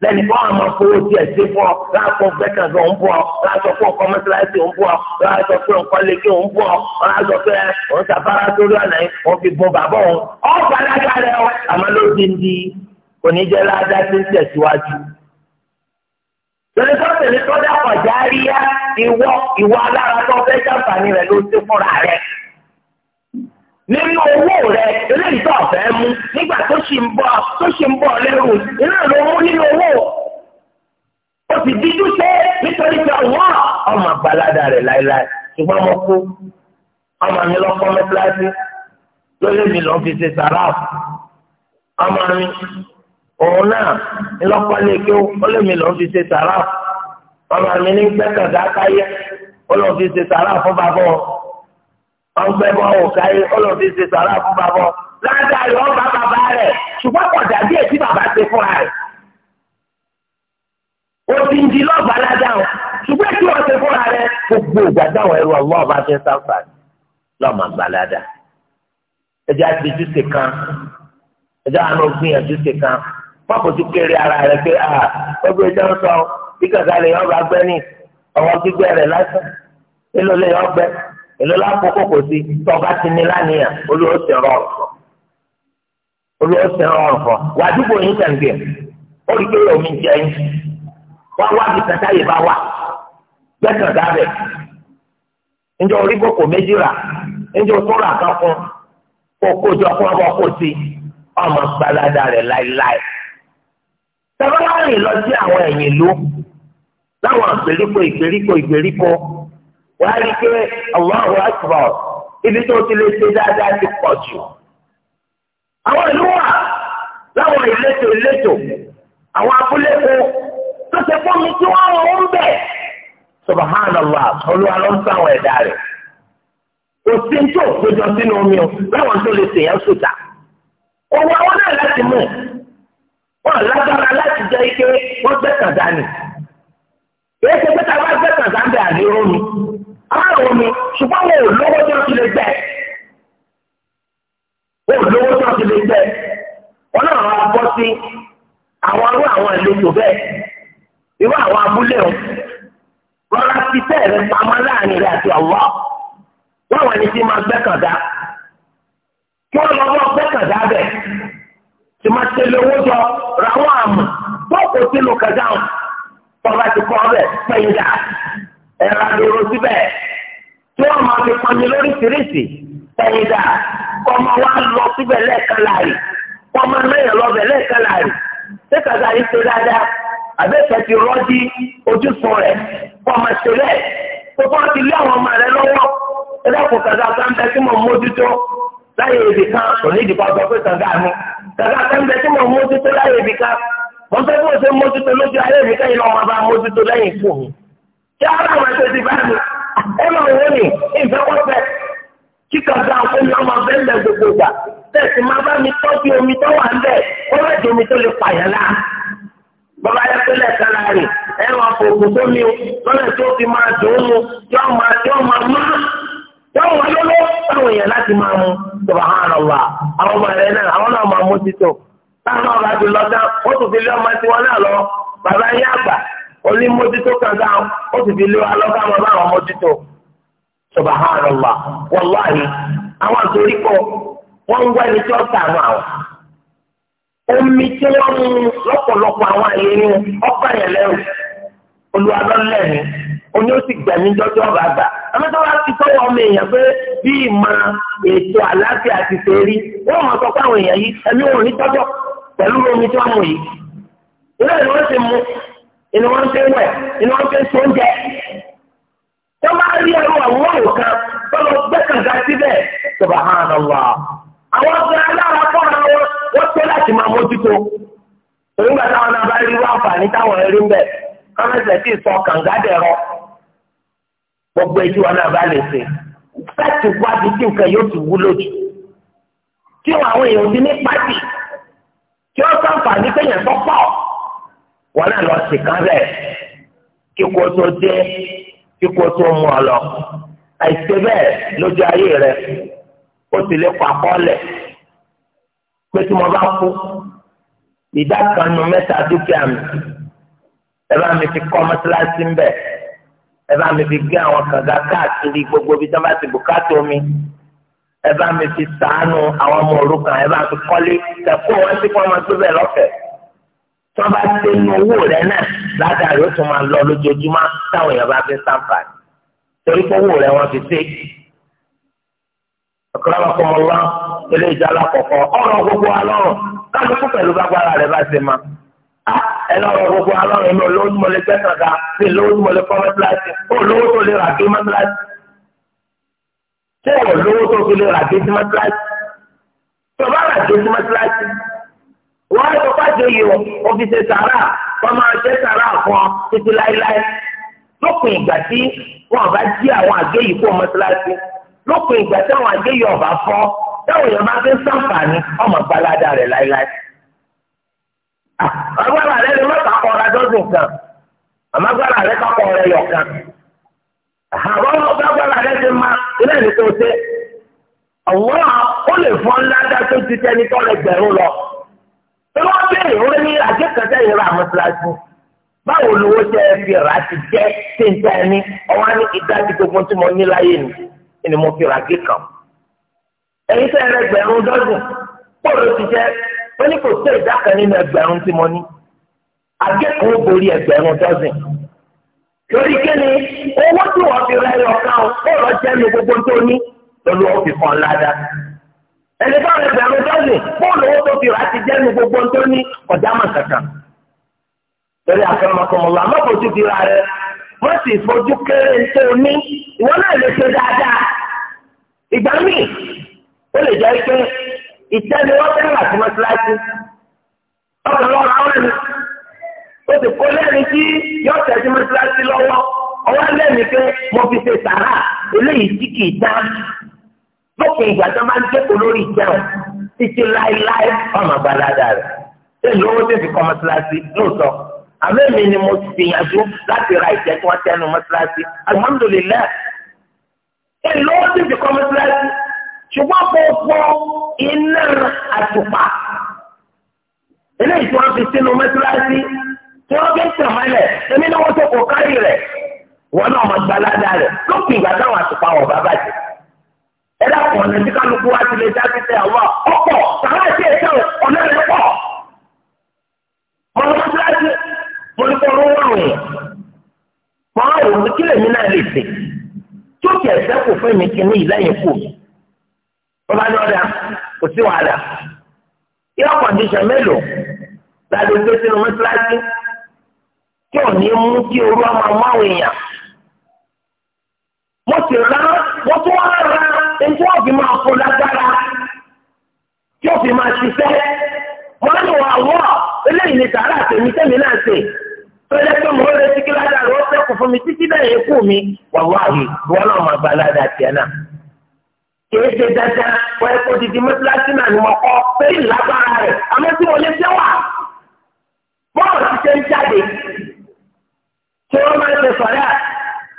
lẹ́ni kọ́ àmọ́ fowó tiẹ̀ ṣe fún ọ láàpọ̀ gbẹ́kẹ̀gbẹ́ ń bọ̀ láàṣọ fún ọkọ mọ́sálásí ń bọ̀ láàṣọ fún ọkọ lẹ́kẹ́ ń bọ̀ láàṣọ fún ọ sàfárá sórí ọ̀nà yìí wọ́n fi bọ́ bàbá òun ọ̀ gbàdájà rẹ̀ ọ àmọ́ ló di ń di oníjẹ́ ládá tí ń tẹ̀síwájú lórí sọ́ọ̀tì ní tọ́jà pàjá rí yá ìwọ ìwọ alára tó fẹ́ jàǹfààní rẹ̀ ló ti fúnra rẹ̀. nínú owó rẹ̀ eléyìí tó ọ̀fẹ́ mú nígbà tó ṣì ń bọ̀ tó ṣì ń bọ̀ lẹ́rù iná ló mú nínú owó. o sì dídú ṣe nítorí pé ọ̀wọ́ ọmọ àgbàládà rẹ̀ láéláé ṣùgbọ́n mo kú ọmọ mi lọ́kọ́ mẹ́tíláṣí lórí mi lọ́ọ́ fi ṣe sàrà ọmọ mi òun náà ńlọ́kọ́lé kí ó lè mi lọ́n fi ṣe sàrà ọmọ mi ní gbẹ́kànga káyé ó lọ́n fi ṣe sàrà fún bàbọ̀ ọgbẹ́bọ̀ òkáyé ó lọ́n fi ṣe sàrà fún bàbọ̀ ládàáyọ̀ ọba bàbá rẹ̀ ṣùgbọ́n kọ̀dà díẹ̀ tí bàbá ṣe fún rẹ̀ ó ti ń di lọ́ọ̀bà ládàáwọ̀ ṣùgbọ́n tí wọ́n ṣe fún rẹ̀ gbogbo ìgbàdáwọ̀ ẹ̀rọ ọlọ́ọ̀bà fi ń sáfà lọ́ọ̀mà gbàládà ẹ̀jẹ̀ àti ìjúṣe kan ẹ̀jẹ̀ àwọn ògbìyànjú ṣe kan pọ́pọ̀tù ara rẹ̀ pé a ah, ọgbẹ́ ìjọ ń sọ lè yọ̀ọ́ gbẹ́ ní ọwọ́ gbígbẹ́ rẹ̀ lásán èlò lè yọ̀ọ́ gbẹ́ èlò lákòókò sí tọ́ba ti ní lánìyàn sì rọrùn omi jẹ yín wá wá bí kàkà yìí bá wà gbẹ́kàn dábẹ̀ orí méjì rà kan fún tabalárìn lọ sí àwọn ẹ̀yìn ìlú láwọn ìgbèríko ìgbèríko ìgbèríko wà á rí i pé Allahu Akbar ibi tó ti lè ṣe dáadáa ti pọ̀ jù. àwọn ìlú wà láwọn ìletò ìletò àwọn abúlé kan tó ṣe fún mi tí wọ́n wọ́n ń bẹ̀. subhanallah olúwa ló ń sáwọn ẹ̀dá rẹ̀ kò sí ní tó péjọ sínú omi o láwọn tó lè ṣèyàn sùtà. òun àwọn náà láti mú un. wọn lágbára láti jẹ́ ike wọ́n gbẹ̀sán dání. èyí ṣe pé tá a dání àlérò mi àárò mi ṣùgbọ́n wọn ò lówó tó ti lè gbẹ. wọn ò lówó tó ti lè gbẹ. wọn náà wọn á sí àwọn arú àwọn irú àwọn abúlé o rọra fi tẹ́ẹ̀rẹ́ pamọ́ láàrin rẹ̀ àti ọ̀wọ́ wọn kí lọ tí máa tẹ̀lé owó jọ ra wọn àmà bọ́ọ̀kù tí lò kẹjá wọn tọ́ba ti kọ́ ọbẹ̀ pẹ̀yìndà ẹ̀rọ àdúró síbẹ̀ tí wọ́n máa fi pọnmi lóríṣiríṣi pẹ̀yìndà kọ́mọ wa lọ síbẹ̀ lẹ́ẹ̀kan láàyè kọ́mọ mẹ́yìn lọ́bẹ̀ lẹ́ẹ̀kan láàyè ṣé kàkà yìí ṣe dáadáa àbẹ́sẹ̀ ti rọ́jí ojúsun rẹ̀ kọ́mọ ṣẹlẹ̀ kókó ti lé àwọn ọmọ rẹ lọ́wọ́ ẹ̀rọ kò kàkà sáńbẹ́ tí mo mójútó láyé ibì kan òní ìdìbò àgbọ̀ pé kàkà nù. kàkà kẹ́ńbẹ́ tí mo mójútó láyé mi ká mo fẹ́ kó o ṣe mójútó lójú ayé mi ká iná ọmọ bá mójútó lẹ́yìn ikú mi. kí ara àwọn ẹ̀ṣẹ̀ ti bá mi ẹ máa wọ ni ìfẹ́ fẹ́ àwọn ọmọ ọmọ bẹ́ẹ̀ lẹ gbogbo máa bá mi tọ́jú omi tó wà má wọ́n wà lọ́lọ́ táwọn èèyàn láti máa mú subahánàlá àwọn ọmọ rẹ̀ náà àwọn náà máa mú títò táwọn ọba ti lọ dá ó sì fi lé ọmọ tí wọn náà lọ bàbá yín àgbà kankan ó sì fi lé wa lọ káwọn bá wọn mójútó àwọn àtòrí kọ wọn ẹni tí oní ó sì gbẹ̀mí dọ́jọ́ bàbà amẹ́tọ́ wa ti tọ́wọ́ ọmọ èèyàn pé bí ìmọ̀ ètò àlàáfíà ti ṣe rí wọ́n mọ̀ sọ pé àwọn èèyàn yìí wọn ò ní omi tí wọ́n mú yìí ilé ìwé ti mu inú wọn ti wẹ̀ inú wọn ti so oúnjẹ tó bá rí ẹrú àwọn òkan tó lọ gbé kànga síbẹ̀ àwọn alára wọn tó láti máa mójútó òun náà bá rí wọn àǹfààní táwọn gbogbo ẹjú wọn náà bá lè ṣe láti wá bí tí nǹkan yóò ti wúlò jù tí àwọn èèyàn ti ní pàtì tí ó sàǹfààní péyàn tó pọ̀ wọn náà lọ sí kan rẹ̀ kíkó tó dé kíkó tó mú ọ lọ àìsè bẹ́ẹ̀ lójú ayé rẹ̀ ó sì lè pa kọ́lẹ̀ pé tí mo bá kú ìdá kan nu mẹ́ta dúkìá mi ẹ bá mi ti kọ́ mọ́tíláṣí ń bẹ̀ ẹ bá mi fi gbé àwọn kànga káàkiri gbogbo ibi tí wọ́n bá ti bùkátà omi ẹ bá mi fi sàánú àwọn ọmọ òrukàn ẹ bá fi kọ́lé kẹ̀kọ́ wọn sí fún ọmọ tó bẹ̀ lọ́fẹ̀ẹ́ tí wọ́n bá dé inú owó rẹ̀ náà ládàrí ó tún máa lọ lójoojúmọ́ táwọn èèyàn bá fi sàǹfààní torí pé owó rẹ̀ wọ́n fi ṣe ọ̀kọ́lọ́kọ́ ọlọ́ ilé ìjà alákọ̀ọ́kọ́ ọ̀rọ̀ gbogbo alọ́rọ̀ kálukú pẹ̀lú gbàgbára rẹ̀ bá ṣe máa ah, ẹlọ́rọ̀ gbogbo alọ́rọ̀ inú olówó tí mo lè gbẹ́ kànga sí olówó tí mo lè kọ́ mẹ́tíláṣí olówó tó lè rà dé mẹ́tíláṣí ṣé olówó tó fi lè rà dé sí mẹ́tíláṣí tó bá rà dé sí mẹ́tíláṣí wọ́n á tọ́pá jẹ yìí o òfin ṣe sàrà wọ́n máa ṣe sàrà fún ọ títí láéláé lópin ìgbà tí wọn bá jí àwọn àgé yìí kó mọ́tíláṣí lópin ìgbà tí àwọn àgé yìí ọ̀bà fọ́ táwọn èèyàn bá fi ń sàǹfààní ọmọ gbalada rẹ̀ láéláé. agbára rẹ ni mọ́ta kọ́ ọ̀rẹ́ dọ́sùn kan àmọ́ agbára rẹ kọ́ ọ̀rẹ́ yọ̀ kan àwọn agbára rẹ ti ma ilé ní tó ṣe àwọn ó lè fọ́ ńlá dá tó ti lọ ní yìí báwo tẹ ẹ fi rà ti tí n ẹ ní ní gbogbo tí mo ní láyé ni mo fi rà gé ó ní kò sí ìdá kan nínú ẹgbẹ̀rún tí mo ní akẹ́kọ̀ọ́ borí ẹgbẹ̀rún dọ́sìn torí kíni owó tí wọ́n fi rẹ́ lọ ká o ó lọ jẹ́ mi gbogbo tó ní lọ́lọ́ ó fi kàn ládà ẹni tó rẹ ẹgbẹ̀rún dọ́sìn bóòlù owó tó fi rà á ti jẹ́ mi gbogbo tó ní ọ̀dà mà kankan torí akẹ́mọ̀kọ́mọ̀lá mọ́kòtù fi ra rẹ wọ́n sì fojú kéré tó ní ìwọ náà lè ṣe dáadáa ìgbà míì ó lè jẹ́ ìtẹ́ni wọ́n tẹ́lẹ̀ àti mọ́síláṣí ọkàn lọ́wọ́ àwọn ẹni ó ti kó lẹ́ni tí yọ tẹ̀sí mọ́síláṣí lọ́wọ́ ọwọ́ lẹ́ni pé mo fi ṣe sàrà eléyìí tí kì í dá lókè ìgbà tó máa ń jẹ́kọ̀ọ́ lórí ìjẹun títí láéláé ọmọ àgbàlagbà rẹ̀ ṣé lówó tó fi kọ́ mọ́síláṣí lóòótọ́ àmẹ́mi ni mo ti gbìyànjú láti ra ìjẹ́ tí wọ́n tẹnu mọ́síláṣí alihamudulilayi ṣé lówó tó fi kọ́ mọ́síláṣí ṣùgbọ́n kò fọ iná àtùpà eléyìí tí wọ́n fi sínú mẹ́tíláṣí tí wọ́n fi ń tẹ̀ mọ́lẹ̀ èmi ni wọ́n tó kò kárí rẹ̀ wọ́n náà máa gba ládà rẹ̀ lópin ìgbà táwọn àtùpà wọ̀ bá bàjẹ́ ẹ dákun ọ̀nà tí kálukú wá ti lè dá sí tẹ àwọn ọ̀pọ̀ sàrà àti ẹ̀ṣẹ̀ ọ̀nà rẹ̀ pọ̀ mọ́lẹ́ mẹ́tíláṣí mo ní kọ́ ló wọ́n rìn mọ́ àwọn òun kílẹ̀ mi náà lè sè tí ó ti ẹ̀ṣẹ́ sí wàhálà yọ kọ̀ǹdíṣàn mélòó láti gbé sínú mọ́sálásí tí ò ní mú kí orú ọmọ ọmọ àwọn èèyàn mo sì rá mo tún wá ra ẹni tí wọ́n fi máa fún lágbára tí ó fi máa ṣiṣẹ́ wọ́n ní wà wọ́ eléyìí ni sàárà tèmi tèmi náà ṣe tó yẹ kí mo retí kí ládàá rẹ̀ fẹ́ kó fún mi títí náà yẹ kú mi wà yìí wọ́n náà máa gba ládàá tiẹ̀ náà kìí ṣe dandan wọ́n ẹ kó didi mẹ́tíláṣí náà ni wọ́n kọ́ pẹ̀lú lágbára rẹ̀ àmọ́ tí wọ́n lè ṣe wà. bọ́ọ̀lù ti ṣe ń jáde tí wọ́n máa ń ṣe sọ̀rẹ́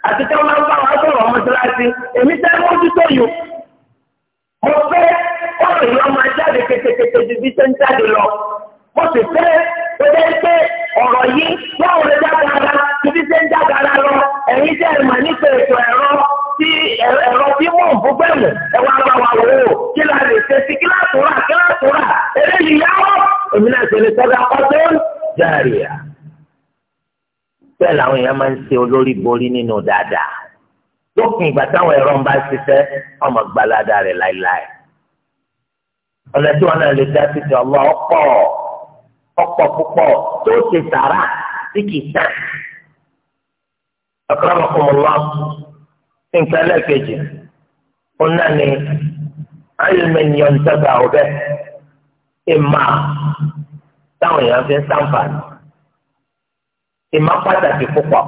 àti tí wọ́n máa ń bá wọn sọ̀rọ̀ mọ́tíláṣí èmi tẹ́ mójútó yìí mo fẹ́ ọ̀rọ̀ yìí wọ́n máa jáde kétékété ju ṣe ń jáde lọ mo sì fẹ́ ó pé ọ̀rọ̀ yìí wọ́n ò lè jágara ṣe ń jágara lọ ẹ̀yin jẹ́ ìmọ̀ nípa ètò ẹ̀rọ tí ẹ̀rọ tí mò ń fún bẹ́ẹ̀mù ẹ̀wọ̀n àgbàwà wò ó kí la lè ṣe sí kí láti rà kí láti rà eléyìí yáwó èmi náà ṣe lè sọ́dọ̀ ọdún jàrìà. bẹ́ẹ̀ làwọn èèyàn máa ń ṣe olórí borí nínú dáadáa lópin ìgbà táwọn ẹ̀rọ ń bá ṣiṣẹ́ ọmọ gbalada rẹ̀ láéláé. ọ̀nà tí wọn náà lè dá sí ti ọlọ́ ọ̀pọ̀ ọ̀pọ̀ púpọ̀ tó ṣe sàrà sí kìí tán. ọ̀kọ́ nǹkan ẹlẹ́ẹ̀kejì ó náà ní ayélujára ìjọba ọ̀bẹ ìmà táwọn èèyàn fi ń sàǹfààní ìmà pàtàkì púpọ̀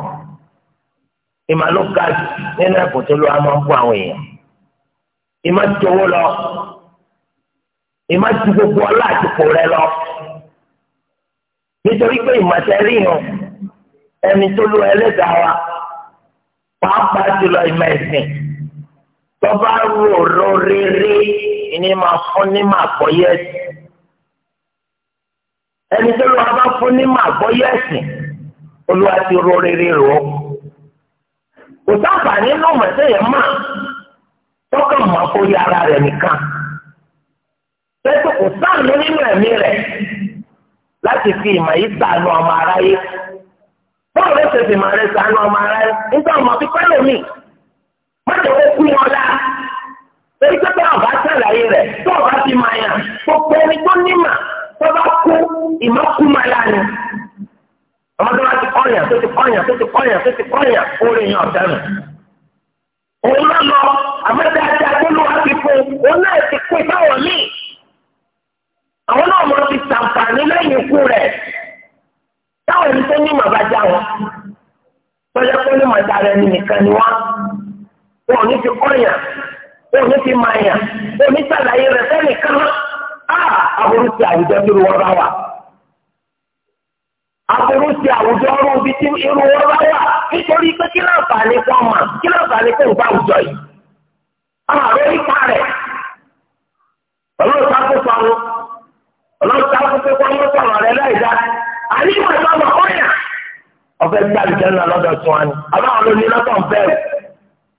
ìmà ló ga jù nínú ẹ̀bùn tó lọ́wọ́ máa ń bọ́ àwọn èèyàn ìmà jowó lọ ìmà ju gbogbo ọlá àtìkù rẹ lọ nítorí pé ìmà tẹ́lẹ̀ yàn ẹni tó lọ ẹlẹ́dàá wa pàápàá jùlọ ìmọ̀ ẹ̀sìn tọ́ba rò rò rere ìní máa fún ní máa gbọ́ yẹ ẹ̀sìn ẹni tó lọ́wọ́ bá fún ní máa gbọ́ yẹ ẹ̀sìn olúwa ti rò rere rò ó kò sábà nínú mọ̀tẹ́yẹ̀ máa tọ́kàn mọ́ kó yára rẹ̀ nìkan tẹ́tù kò sáà nínú ẹ̀mí rẹ̀ láti fi ìmọ̀ yìí sànù ọmọ aráyé báwo ló ṣe fìmọ̀ rẹ sànú ọmọ ara rẹ nígbà ọmọ fi pẹ́ mi. mọ́tò ó kú wọn lá torí pé báwọn bá sàlàyé rẹ̀ tó ọba fi máa yàn gbogbo ẹni tó nímà tó bá kú ìmọ̀ kú máa lánàá ọmọ tó bá ti kọ́yàn tó ti kọ́yàn tó ti kọ́yàn tó ti kọ́yàn orí yàn ọ̀daràn òun náà lọ àmọ́tẹ́ ajá gbólóhà ti fún òun náà ti pín báwọn míì àwọn náà mọ̀ ti sàǹfààní lẹ́yìn ikú rẹ̀ táwọn ẹni tó ní ìmọ̀ bá já wọn tọ́jà pé ní màdà rẹ nìkan ni wọ́n wọn ò ní fi kọ́yà wọn ò ní fi máa yà wọn ò ní sàlàyé rẹ sẹ́nìkan á ah, aburú ti àwùjọ tó wọn bá wà aburú ti àwùjọ ọrùn ibi tí irú wọn bá wà nítorí pé kí láǹfààní kan mà kí láǹfààní kan gbà àwùjọ yìí ah, àwọn oríta rẹ ọlọ́ọ̀ta kó pa wọn ọlọ́ọ̀ta kó pé kó wọn rẹ láì dáa àlímọ̀ ìgbà ọmọ kọ́yà ọ̀fẹ́ gbà lùjẹ́ náà lọ́dọ̀ tún wa ni àbáwọn ló ní lọ́tọ̀ ń bẹ̀rù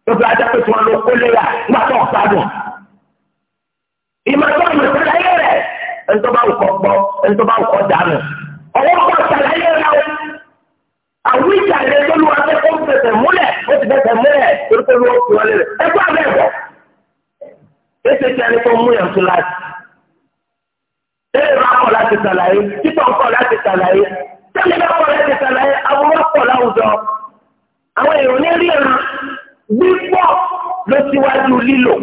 tó fi ajá pé tí wọn ló kó léyà nígbà tó ń gbádùn. ìmọ̀tọ́ ìmọ̀tàlàyé rẹ̀ ẹni tó bá ń kọ́ gbọ́ ẹni tó bá ń kọ́ dànù ọwọ́ kọ́ ìtàlàyé rẹ̀ o. àwọn ìjàlè tó lu afẹ́ kó ń fẹsẹ̀ múlẹ̀ ó ti fẹsẹ̀ múlẹ̀ torí pé wọ́n fi wọlé rẹ̀ ẹ gbọ́ abẹ́ ẹ̀bọ̀. èsì tí a ní kó mú yàn tó láti. ẹ kọ̀ láti sàlàyé títọ̀ ń kọ̀ láti sàlàyé tẹ́lẹ̀ bá kọ̀ láti sàlàyé àwòrán pọ̀ láwùjọ àwọn èèyàn ní ríran gbígbọ́ ló síwájú lílò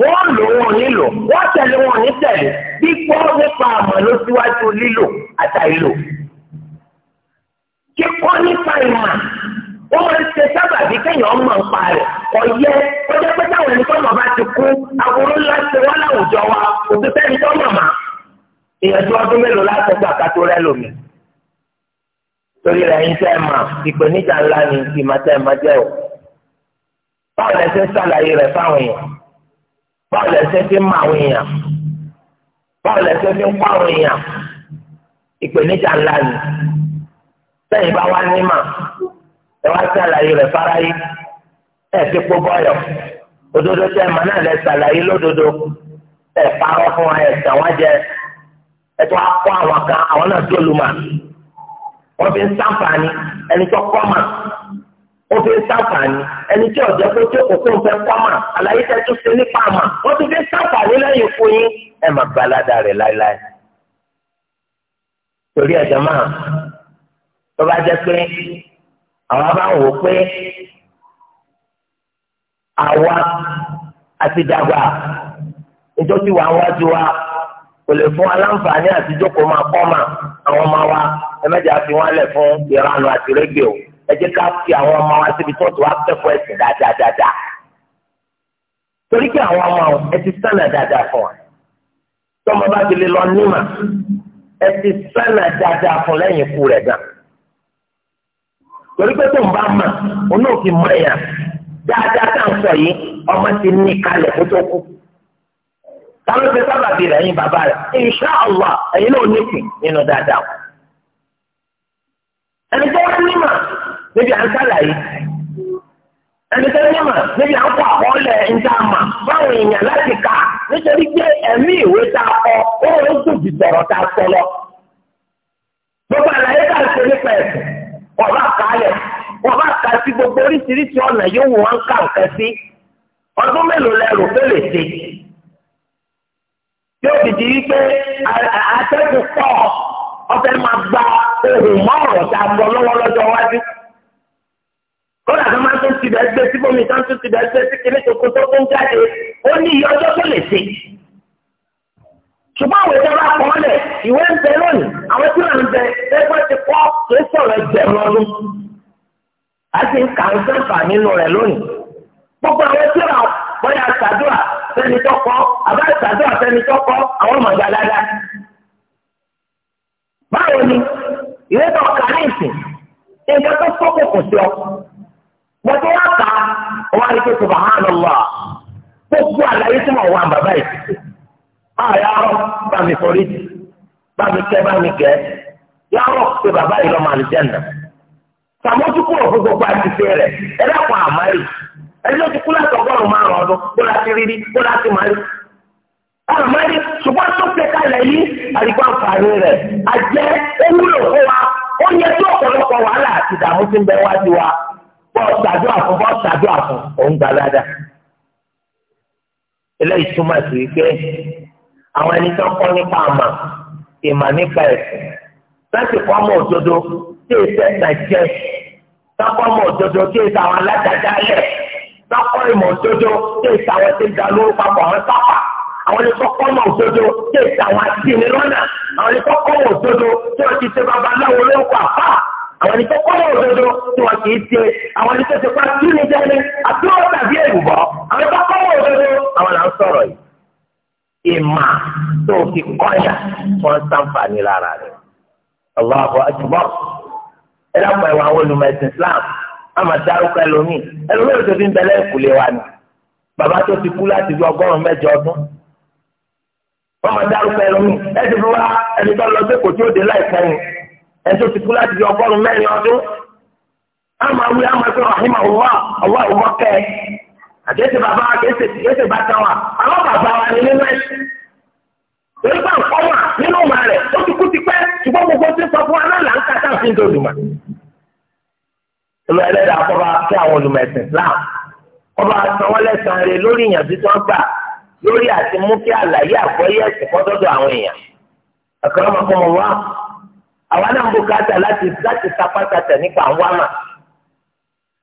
wọ́n lò wọ́n nílò wọ́n tẹ̀lé wọ́n ní tẹ̀lé gbígbọ́ nípa àmọ́ ló síwájú lílò àtàlílò kíkọ́ nípa ìmọ̀ wọ́n máa ń ṣe sábàbí kéèyàn mọ̀ ń pa rẹ̀ ọ̀yẹ́ ọjọ́ pé táwọn ẹni tọ́mọ̀ bá ti kú aburú ńlá ti wá láwùjọ wa òtún sẹ́ni tọ́mọ̀ mà ìyẹ̀dú ọdún mélòó láti gbà ká tó rẹ́ lómi. torí rẹ̀ ń tẹ́ ẹ mà ìpèníjà ńlá ni ìmọ̀ tẹ́ jẹ́ o. báwo lẹ ṣe ń ṣàlàyé rẹ̀ fáwọn èèyàn báwo lẹ ṣe fi ń mọ àwọn èèyàn báwo lẹ ṣe fi ń kọ́ àwọn èèyàn ìpèníjà ẹ wá ṣàlàyé rẹ̀ fáráyé ẹ ti kó bọ́yọ̀ òdodo tẹ ẹ mọ̀ náà lẹ ṣàlàyé lódodo ẹ parọ́ fún wa ẹ tàn wá jẹ ẹ tó akọ àwọn kan àwọn náà tó lu mà wọ́n fi ń ṣàǹfààní ẹni tó kọ́ mà wọ́n fi ń ṣàǹfààní ẹni tí ọ̀jẹ́ kó tó kókó ń fẹ́ kọ́ mà àlàyé tẹ tó ṣe nípa mà wọ́n ti fi ń ṣàǹfààní lẹ́yìn fún yín ẹ má gbalada rẹ̀ láéláé torí ẹ̀jẹ̀ máa tó bá jẹ́ pé àwọn bá ń wò pé àwa àti dàgbà nítorí wà wá ju wa kò lè fún aláǹfààní àti jókòó máa kọ́ mà àwọn ọmọ wa ẹ mẹ́jọ fi wọ́n lẹ̀ fún ìranù àti rédíò ẹ jẹ́ ká fi àwọn ọmọ wa síbi tó tó wá kẹ́kọ̀ọ́ ẹ̀sìn dáadáa dáadáa torí kí àwọn ọmọ ẹ ti sànà dáadáa fún wa tọ́mọ bá ti lè lọ nímà ẹ ti sànà dáadáa fún lẹ́yìn ikú rẹ̀ gan-an. torí pé tó ń bá mà fi mọ ẹ̀yà dáadáa tá n sọ yìí ọmọ ti ní kalẹ̀ kó tó kú. táwọn ṣe sábàbí rẹ̀ yín bàbá rẹ̀ insha Allah ẹ̀yin náà ní kùn nínú dáadáa. ẹni tó wá ní mà níbi à ń sàlàyé ẹni tó ní mà níbi à ń kọ àkọọ́lẹ̀ níta mà báwọn èèyàn láti kà nítorí pé ẹ̀mí ìwé tá wọ́n bá kà á lẹ̀ wọ́n gbogbo oríṣiríṣi ọ̀nà yóò wù wọ́n kà nǹkan sí ọdún mélòó lẹ́rù tó lè ṣe yóò fi di wípé pọ̀ máa gba ohun tá a gbọ́ lọ́wọ́ lọ́jọ́ iwájú kódà tó máa tún ti gbé síbòmí tó tún gbé sí tó kó tó tún jáde ó ní iye ọjọ́ tó lè ṣe. ṣùgbọ́n àwọn ìjọba iwe ìwé ń bẹ lónìí àwọn tí wọ́n ń bẹ ẹgbẹ́ ti kọ́ tó sọ̀rọ̀ ẹgbẹ̀rún ọdún a ti ń kà ń sẹ́fà nínú rẹ̀ lónìí gbogbo àwọn tí wọ́n bọ́yá ṣàdúrà fẹ́ni tọ́kọ́ àbá fẹ́ni tọ́kọ́ àwọn dáadáa. báwo ni ìwé tó kà ní àyàrọ̀ bá mi forí jì bá mi kẹ́ bàbá yìí lọ́mọ àlùjẹ́nà sàmójúkú òfin gbogbo àtìsé rẹ̀ ẹ dákun àmárì ẹni tó ti kú láti ọgọ́rùn-ún márùn ọdún kó láti rírí kó ṣùgbọ́n tó tẹ wa ó tó àwọn ẹni tó ń kọ́ nípa àmà ìmà nípa ẹ̀sìn láti kọ́ ọmọ òdodo tí èsì ẹ̀sìn àjẹ́ lọ́kọ́ ọmọ òdodo tí èsì àwọn alágbàdá lẹ̀ lọ́kọ́ ìmọ̀ òdodo tí èsì àwọn tí ń da lóru papọ̀ àwọn pápá àwọn ẹni tó kọ́ ọmọ òdodo tí èsì àwọn àtìní lọ́nà àwọn ẹni tó kọ́ ọmọ òdodo tí wọ́n ti ṣe babaláwo lórúkọ àfà àwọn ẹni tó kọ́ ọmọ òdodo tí wọ́n kì í ṣe àwọn ẹni tó ti pa ìmà tó fi kọ́yà wọ́n sàǹfààní lára rẹ̀. Allahu akbar. Ẹ dákun ẹ̀wọ̀n àwọn Islam. Wọ́n dárúkọ ẹlòmíì. Ẹlòmíì ló ti fi ń bẹ lẹ́kùlé wa ni. Bàbá tó ti kú láti fi ọgọ́rùn-ún mẹ́jọ ọdún. Wọ́n máa dárúkọ ẹlòmíì. Ẹ ti fi wá ẹni tó lọ tí ó dé tó ti kú láti àkẹ́sẹ̀ bàbá wa kẹ́sẹ̀ kẹ́sẹ̀ bá tán wa àwọn bàbá wa ni nínú ẹ̀sìn. torí bá nǹkan wà nínú ìmọ̀ rẹ̀ ó ti kú ti pẹ́ ṣùgbọ́n gbogbo ti sọ fún wa náà là ń ka táà fi ń dolùmọ̀. olú ẹlẹ́dàá kọ́ba kí àwọn olùmọ̀ ẹ̀sìn Islam kọ́ba san wọ́n lẹ́sàn-án rẹ̀ lórí ìyànjú tó ń gbà lórí àti mú kí àlàyé àgbọ́yé ẹ̀sìn kọ́dọ́dọ̀ àwọn èèyàn. àkàrà ọmọkùnrin wa àwa náà ń bùkátà láti láti sapá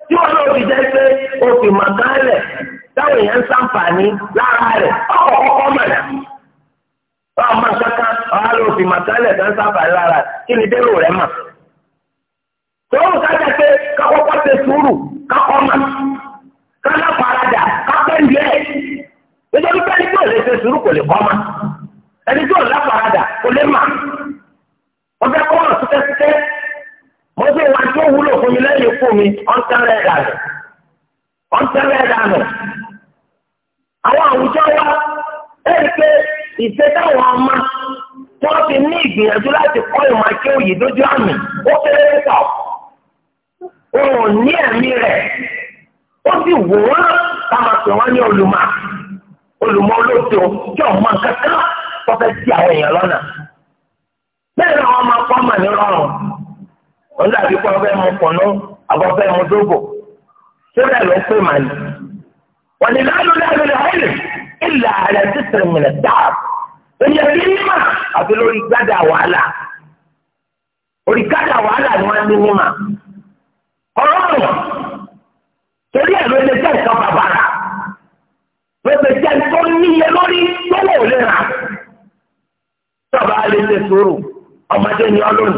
tí wọn náà fi jẹ́ pé o fi mọ̀ kálẹ̀ táwọn èèyàn ń sàǹfààní lára rẹ̀ ọkọ̀ kọ́kọ́ mọ̀nà. báwo máa kankan ọ̀hán ló fi mọ̀ kálẹ̀ tó ń sàǹfààní lára rẹ̀ kí ni dérò rẹ̀ mà. tòun kájà pé kakọ́kọ́ ṣe sùúrù kakọ́ mà kálá faradà kápẹ́ ń yẹ. nítorí pé ẹni tí ò lè ṣe sùúrù kò lè kọ́ mà ẹni tí ò láfaradà kò lè mà. wọ́n fẹ́ kọ́ mo sì tó wúlò fún mi lẹ́yìn ikú mi ọ̀n tẹ́rẹ̀ dànù ọ̀n tẹ́rẹ̀ dànù. àwọn àwùjọ wa ẹ̀rí pé ìṣe táwọn ọmọ tí wọ́n ti ní ìgbìyànjú láti kọ́ ìmọ̀ kí àmì ó kéré pọ̀ òun ní ẹ̀mí rẹ̀ ó sì wò wọ́n táwọn pè ní olùmọ̀ olùmọ̀ olóòtú wọ́n dàbí kó ọbẹ̀ mu pọ̀nú àbọ̀fẹ́ mu dógò síbẹ̀ ló ń pè mà ní. wọ́n ní láàlú láàlú rẹ̀ ọ̀lẹ̀ ìlà rẹ̀ sísè mìíràn dáa èyí ẹ̀rí nímà àfi lórí gádà wàhálà orí gádà wàhálà ni wọ́n ní nímà ọlọ́run torí ẹ̀ ló lè jẹ́ nǹkan bàbàrà ló lè jẹ́ tó níye lórí tó wò lè rà tọ́ba lè lè sòrò ọmọdé ni ọlọ́run.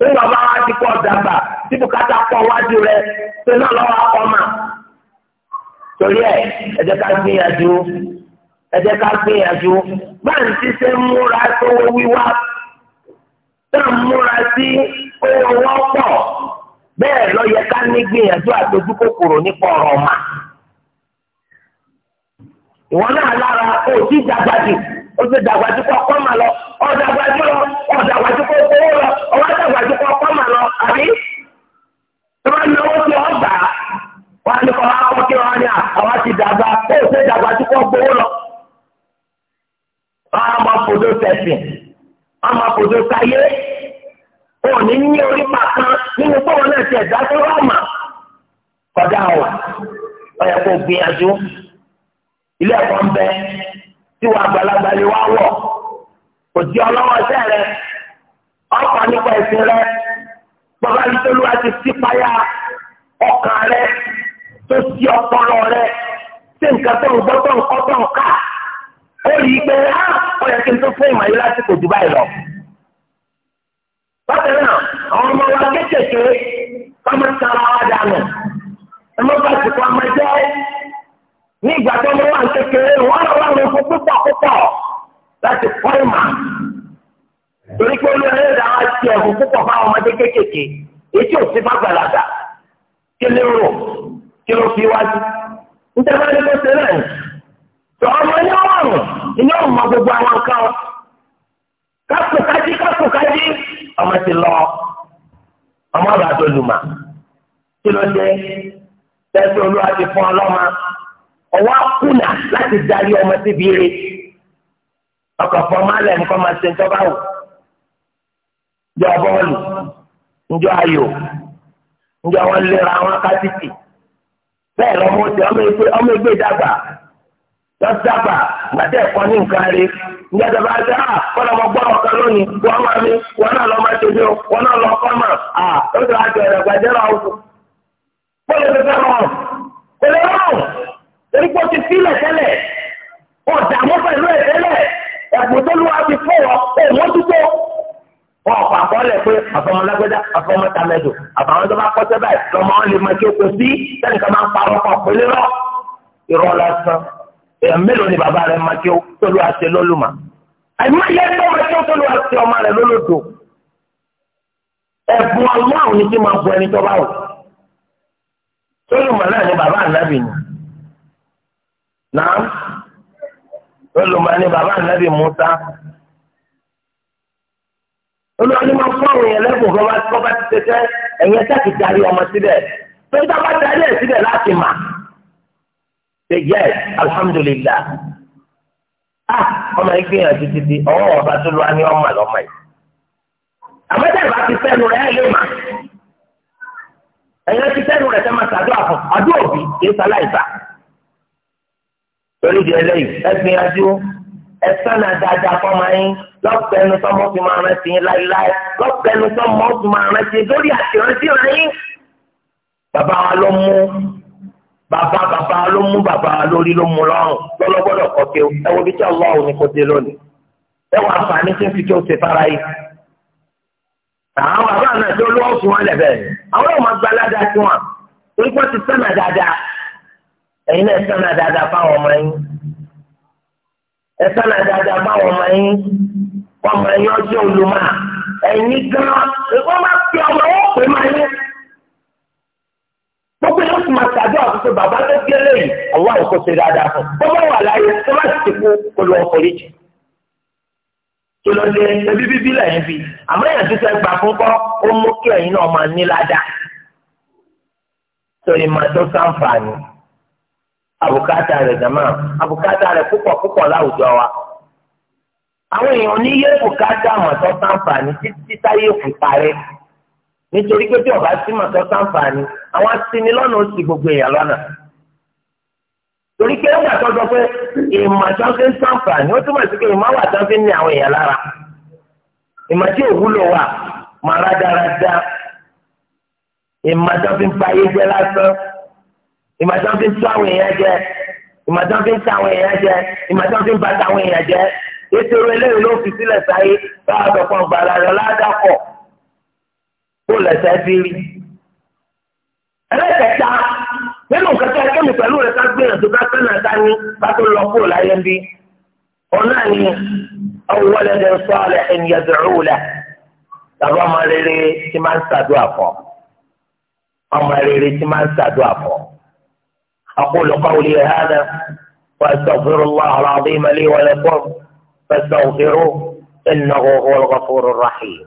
pé bàbá wa ti kọ́ dàgbà tí bùkátà pọ̀ wájú rẹ̀ pé náà lọ́wọ́ akọ́ mà. torí ẹ ẹ jẹ́ ká gbìyànjú ẹ jẹ́ ká gbìyànjú báà ní ṣíṣe múra sówó wíwá náà múra sí owó wọ́pọ̀ bẹ́ẹ̀ lọ yẹ ká ní gbìyànjú àtọ́jú kòkòrò nípa ọ̀rọ̀ mà. ìwọ náà lára kò tí dàgbà jù ó ti dàgbàjú kọ ọkọ mà lọ ọ̀dàgbàjú lọ ọ̀dàgbàjú kọ owó lọ ọwọ́ dàgbàjú kọ ọkọ mà lọ àbí. tó bá náwó tí wọ́n gbà á wọ́n á ní kọ́ wọ́n á kọ́ kí wọ́n á ní àwọn ti dàgbà ó ti dàgbàjú kọ owó lọ. wọ́n á máa fojú sẹ́sìn wọ́n á máa fojú sáyé wọn ní ní orí pàkan nínú fóun náà ti ẹ̀dá tó rọ̀ mà kọjá o ọ̀yẹ̀ kò gbìyànjú ilé ẹ̀kọ́ ń bẹ́ẹ̀. tí wọ́n àgbàlagbà ni wọ́n wọ̀ kò sí ọlọ́wọ́ rẹ ọkọ̀ nípa ẹ̀sìn rẹ bàbá ìtọ́lú àti sípayá ọkàn rẹ tó sí ọpọlọ rẹ tí nǹkan tó ń gbọ́ tó ń kọ́ tó rí i pé á ó yẹ kí n lọ. ní ìgbà tó mo wà kékeré wọn lọ wọn fún púpọ̀ púpọ̀ láti kọ́ ìmọ̀ torí pé olú ti ẹ̀bùn púpọ̀ fáwọn ọmọdé kéékèèké etí ò sí fàgbàlagbà kí rò fi wájú nítorí wọn ni kò ṣe náà ọmọ ní ọrùn gbogbo lọ ọmọ lùmà tẹsí olú àti ọwọ́ kùnà láti darí ọmọ síbi eré ọkọ̀ fọmọ alẹ́ nǹkan máa ṣe ńjọba wò ńjọ bọ́ọ̀lù ayò wọn lera wọn kásìtì bẹ́ẹ̀ lọ́mọ ti ọmọ ẹgbẹ́ ọmọ ẹgbẹ́ dàgbà lọ ẹ̀kọ́ ní nǹkan rẹ ńjọ dàgbà ṣe à kọ́ lọ́mọ gbọ́ lónìí wọ́n máa mi wọ́n náà lọ́mọ ṣe o wọ́n náà lọ́ọ́ kọ́ torí pé o ti sílẹ̀ tẹ́lẹ̀ o dààmú pẹ̀lú ẹ̀ tẹ́lẹ̀ ẹ̀bùn tó lù wá ti fún ọ ẹ̀ mójútó wọn ọ̀pọ̀ àkọọ́lẹ̀ pé àfọmọ lágbẹ́dá àfọmọ tàmẹ́dù àfọmọ tó bá kọ́sẹ́ báyìí lọ́mọ wọn lè máa kí o kò sí sẹ́nìkan máa ń parọ́ pọ̀ pélé rọ́ irọ́ lásán èèyàn mélòó ni bàbá rẹ̀ máa kí o tó lù àṣẹ lọ́lùmọ̀ àìmọ́ ilé ẹgbẹ́ ọmọ tó tó lù àṣẹ ọmọ rẹ̀ lólòdò ẹ̀bùn ọlọ́run ni kí máa bu ẹni tó bá wù tó náà ni bàbá ànábì ni náà olùmọ̀ọ́ni bàbá ànábì Musa olùwàní máa fún àwọn èèyàn lẹ́bùn kọ́ bá kọ́ bá ti tẹ́tẹ́ ẹ̀yìn ẹ̀tẹ́ kìí darí ọmọ síbẹ̀ tó ń tábà darí ẹ̀ síbẹ̀ láti mà ṣe yẹ alihamudulilá ah ọmọ yìí gbìyànjú títí ọwọ́ ọba tó lu ani ọmọ lọ́mọ yìí àmọ́tẹ́ ìbá ti sẹ́nu rẹ̀ ẹ̀ mà ẹ̀yìn ẹ̀ ti sẹ́nu rẹ̀ sẹ́ pẹ̀lú ìdí ẹlẹ́yìí ẹ gbìyànjú ẹ sànà dáadáa fọmọ yín lọ́pẹ̀ẹ́nu tọmọ fi máa rántí yín láéláé lọ́pẹ̀ẹ́nu tọmọ fi máa rántí yín lórí àtìrántí rẹ̀ yín. bàbá wa ló mú bàbá bàbá ló mú bàbá lórí ló mú lọ́rùn lọ́lọ́gbọ́dọ̀ kọ́kẹ́ ẹ wo bí tí ọlọ́ òní kò dé lónìí ẹ wọ àǹfààní tí ń fi kí o ṣe fara yìí. àwọn bàbá náà tó lọ́ọ̀sùn wọn lẹ̀ bẹ́ẹ̀ àwọn ọmọ gbalada tí wọn torí ẹ̀yin náà sọnà dáadáa fáwọn ọmọ yín ẹ sọnà dáadáa fáwọn ọmọ yín wọn ọmọ yín ọjọ́ olùmọ ẹ̀yin gan wọn máa fi ọmọ wọn pè máa yín gbogbo yóò fi máa tàbí àkókò bàbá tó gbé lẹ́yìn ọwọ́ àìkó ṣe dáadáa fún bọ́bá wà láyé tó má ti kú kó lọ ọkọlẹ jù kí ló dé ebi bíbí lẹ́yìn fi àmọ́ èèyàn ti sẹ́ gbà fún kọ́ ó mú kí ẹ̀yin náà máa ní ládàá torí màá tó sáǹfààní àbùkátà rẹ̀ jàmá àbùkátà rẹ̀ púpọ̀ púpọ̀ láwùjọ wa. àwọn èèyàn ní yé bùkátà mọ̀tọ́ sáǹfààní títí táyé òfin parẹ́ nítorí pé bí ọba sí mọ̀tọ́ sáǹfààní àwọn asinmi lọ́nà ó sì gbogbo èèyàn lọ́nà. torí pé ẹgbà tó sọ pé ìmọ̀ tó fi ń sáǹfààní ó túmọ̀ sí pé ìmọ̀ wà tó fi ní àwọn èèyàn lára ìmọ̀ tí òwúlò wà mọ̀ rádaràda ìmọ̀ tó fi ń pa ayé jẹ́ lásán ìmọ̀tán fi ń sọ àwọn èèyàn jẹ ìmọ̀tán fi ń sọ àwọn èèyàn jẹ ìmọ̀tán fi ń bàtà àwọn èèyàn jẹ ètò eléyìí ló fi sílẹ̀ sáyé báwa bẹ̀kọ́ gbàlà rẹ̀ ládàkọ̀ kó lẹ̀sẹ̀ fi rí. ẹlẹ́kẹ̀ta nínú nǹkan tó ẹgbẹ́ mi pẹ̀lú rẹ̀ ká gbìyànjú ká sẹ́nà dání bá tó lọ kó láyé ń bí. ọ̀nà ni ọ̀wọ́lẹ̀ ń sọ àlẹ́ ènìyàn dùrù lẹ̀ tàbí ọmọ rere tí máa ń ṣàdúrà fọ́. أقول قولي هذا وأستغفر الله العظيم لي ولكم فاستغفروه إنه هو الغفور الرحيم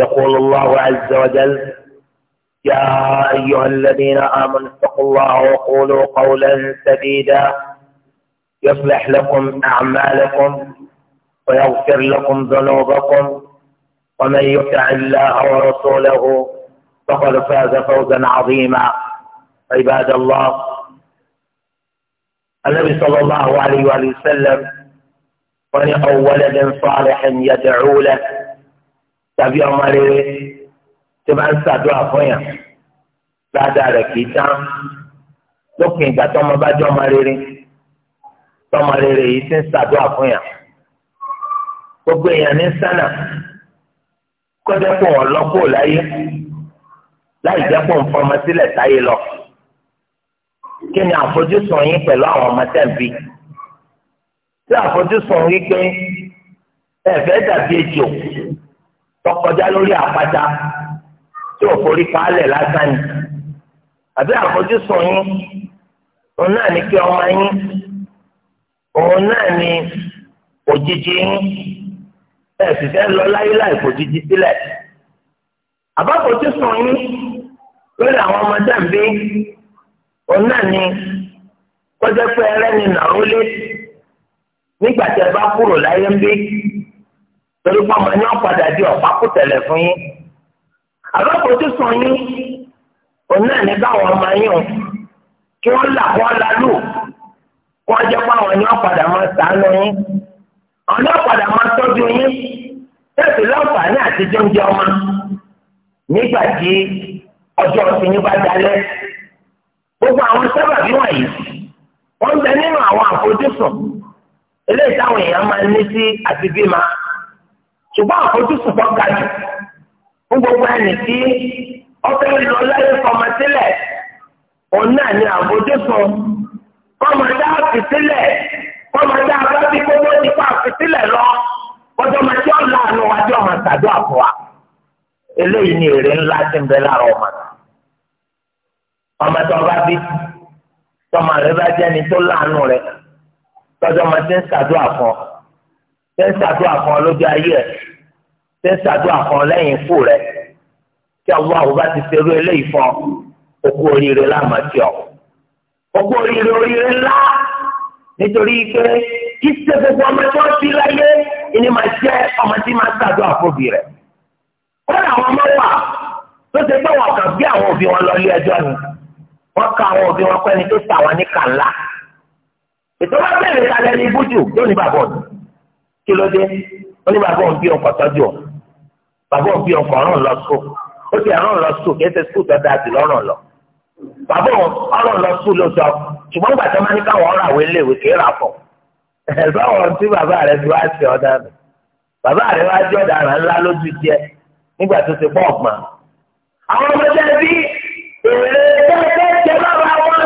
يقول الله عز وجل يا أيها الذين آمنوا اتقوا الله وقولوا قولا سديدا يصلح لكم أعمالكم ويغفر لكم ذنوبكم ومن يطع الله ورسوله فقد فاز فوزا عظيما عباد الله النبي صلى الله عليه وآله وسلم وأن أول صالح يدعو له tàbí ọmọ rere tó bá ń ṣàdúrà fún yàn dáadáa rẹ̀ kì í tán lópin ìgbà tọmọ bá jẹ́ ọmọ rere tọmọ rere yìí ti ń ṣàdúrà fún yàn gbogbo èèyàn ní sánà kọ́dẹ́kùn ọlọ́kùn láyé láì jẹ́kùn nfọmọ sílẹ̀ táyé lọ kí ni àfojúsùn yín pẹ̀lú àwọn ọmọ tẹ̀m̀bì tí àfojúsùn wípé ẹ̀fẹ́ dàbí ejò tọkọjá lórí àpáta tí ò forí paálẹ̀ lásán ni àbí àfojúsùn yín òun náà ní kí ọmọ yín òun náà ní òjijì yín ẹ sì fẹ́ lọ láyé láì fòjijì sílẹ̀ àbáfojúsùn yín lórí àwọn ọmọ dàbí òun náà ní kọjá pé ẹrẹ́ni nàró lé nígbà tí ẹ bá kúrò láyé ń bí. torí pé ma yẹn padà di ọ̀pá kùtẹ̀lẹ̀ fún yín alábòjúsùn yín òun náà ní báwọn ọmọ yín o kí wọ́n là kó la lù kó wọ́n jẹ́ pé àwọn padà máa sàánú yín àwọn padà tọ́jú yín tẹ̀sí láǹfààní àtijọ́ ọmọ nígbà tí ọjọ́ bá gbogbo àwọn sábàbí wọ̀nyí wọ́n ń bẹ nínú àwọn àfojúsùn eléyìí táwọn èèyàn máa ń ní sí ṣùgbọ́n àfojúsùn tó ga jù fún gbogbo ẹni tí ọ̀fẹ́ lọ lẹ́yìn fọmọ òun náà ni àfojúsùn fọmọ dá fìtílẹ̀ fọmọ nípa lọ ọjọ́ ọ̀la àánú eléyìí ni èrè ńlá tẹ́ ń ṣàdúrà kan lójú ayé ẹ̀ tẹ́ ń ṣàdúrà kan lẹ́yìn ikú rẹ̀ tí ọwọ́ àwọn bá ti ṣerú eléyìí fún ọ okú oríire lámàtí ọ okú oríire oríire ńlá nítorí pé kí ṣe gbogbo ọmọ tí wọ́n ti láyé ìní máa jẹ́ ọmọ tí máa ṣàdúrà fóbi rẹ̀ kọ́ni àwọn ọmọ wà tó ṣe pé wọn kàn bí àwọn òbí wọn lọ ilé ẹjọ́ ni wọ́n ka àwọn òbí wọn pẹ́ni tó ṣàwọn ní kàńlá ètò wọn bẹ̀rẹ̀ kalẹ̀ ní ibùdó lónìí bàbá ọ̀dùn kí ló dé ó ní bàbá òun bí ọkọ̀ tọ́jú ọ bàbá òun bí ọkọ̀ ọ̀ràn lọ sùn ó ti àrùn lọ sùn kí ẹsẹ̀ sùn tọ́da àti lọ́rùn lọ bàbá òun ọ̀ràn lọ sùn ló sọ ṣùgbọ́n gbàtà máa ní káwọn ọ̀rọ̀ àwọn iléèwé kì í rà pọ̀ ẹ̀sọ́ ọ̀rọ̀ tí bàbá rẹ̀ ti wá ṣe ọ̀dà rẹ̀ bàbá rẹ̀ wá jẹ́ ọ̀daràn ńlá lójú jẹ nígbà tó ti pọ̀ ọ̀gbọ̀n. àwọn ọmọdé bí èrè tẹ́tẹ́ jẹ bàbá wọn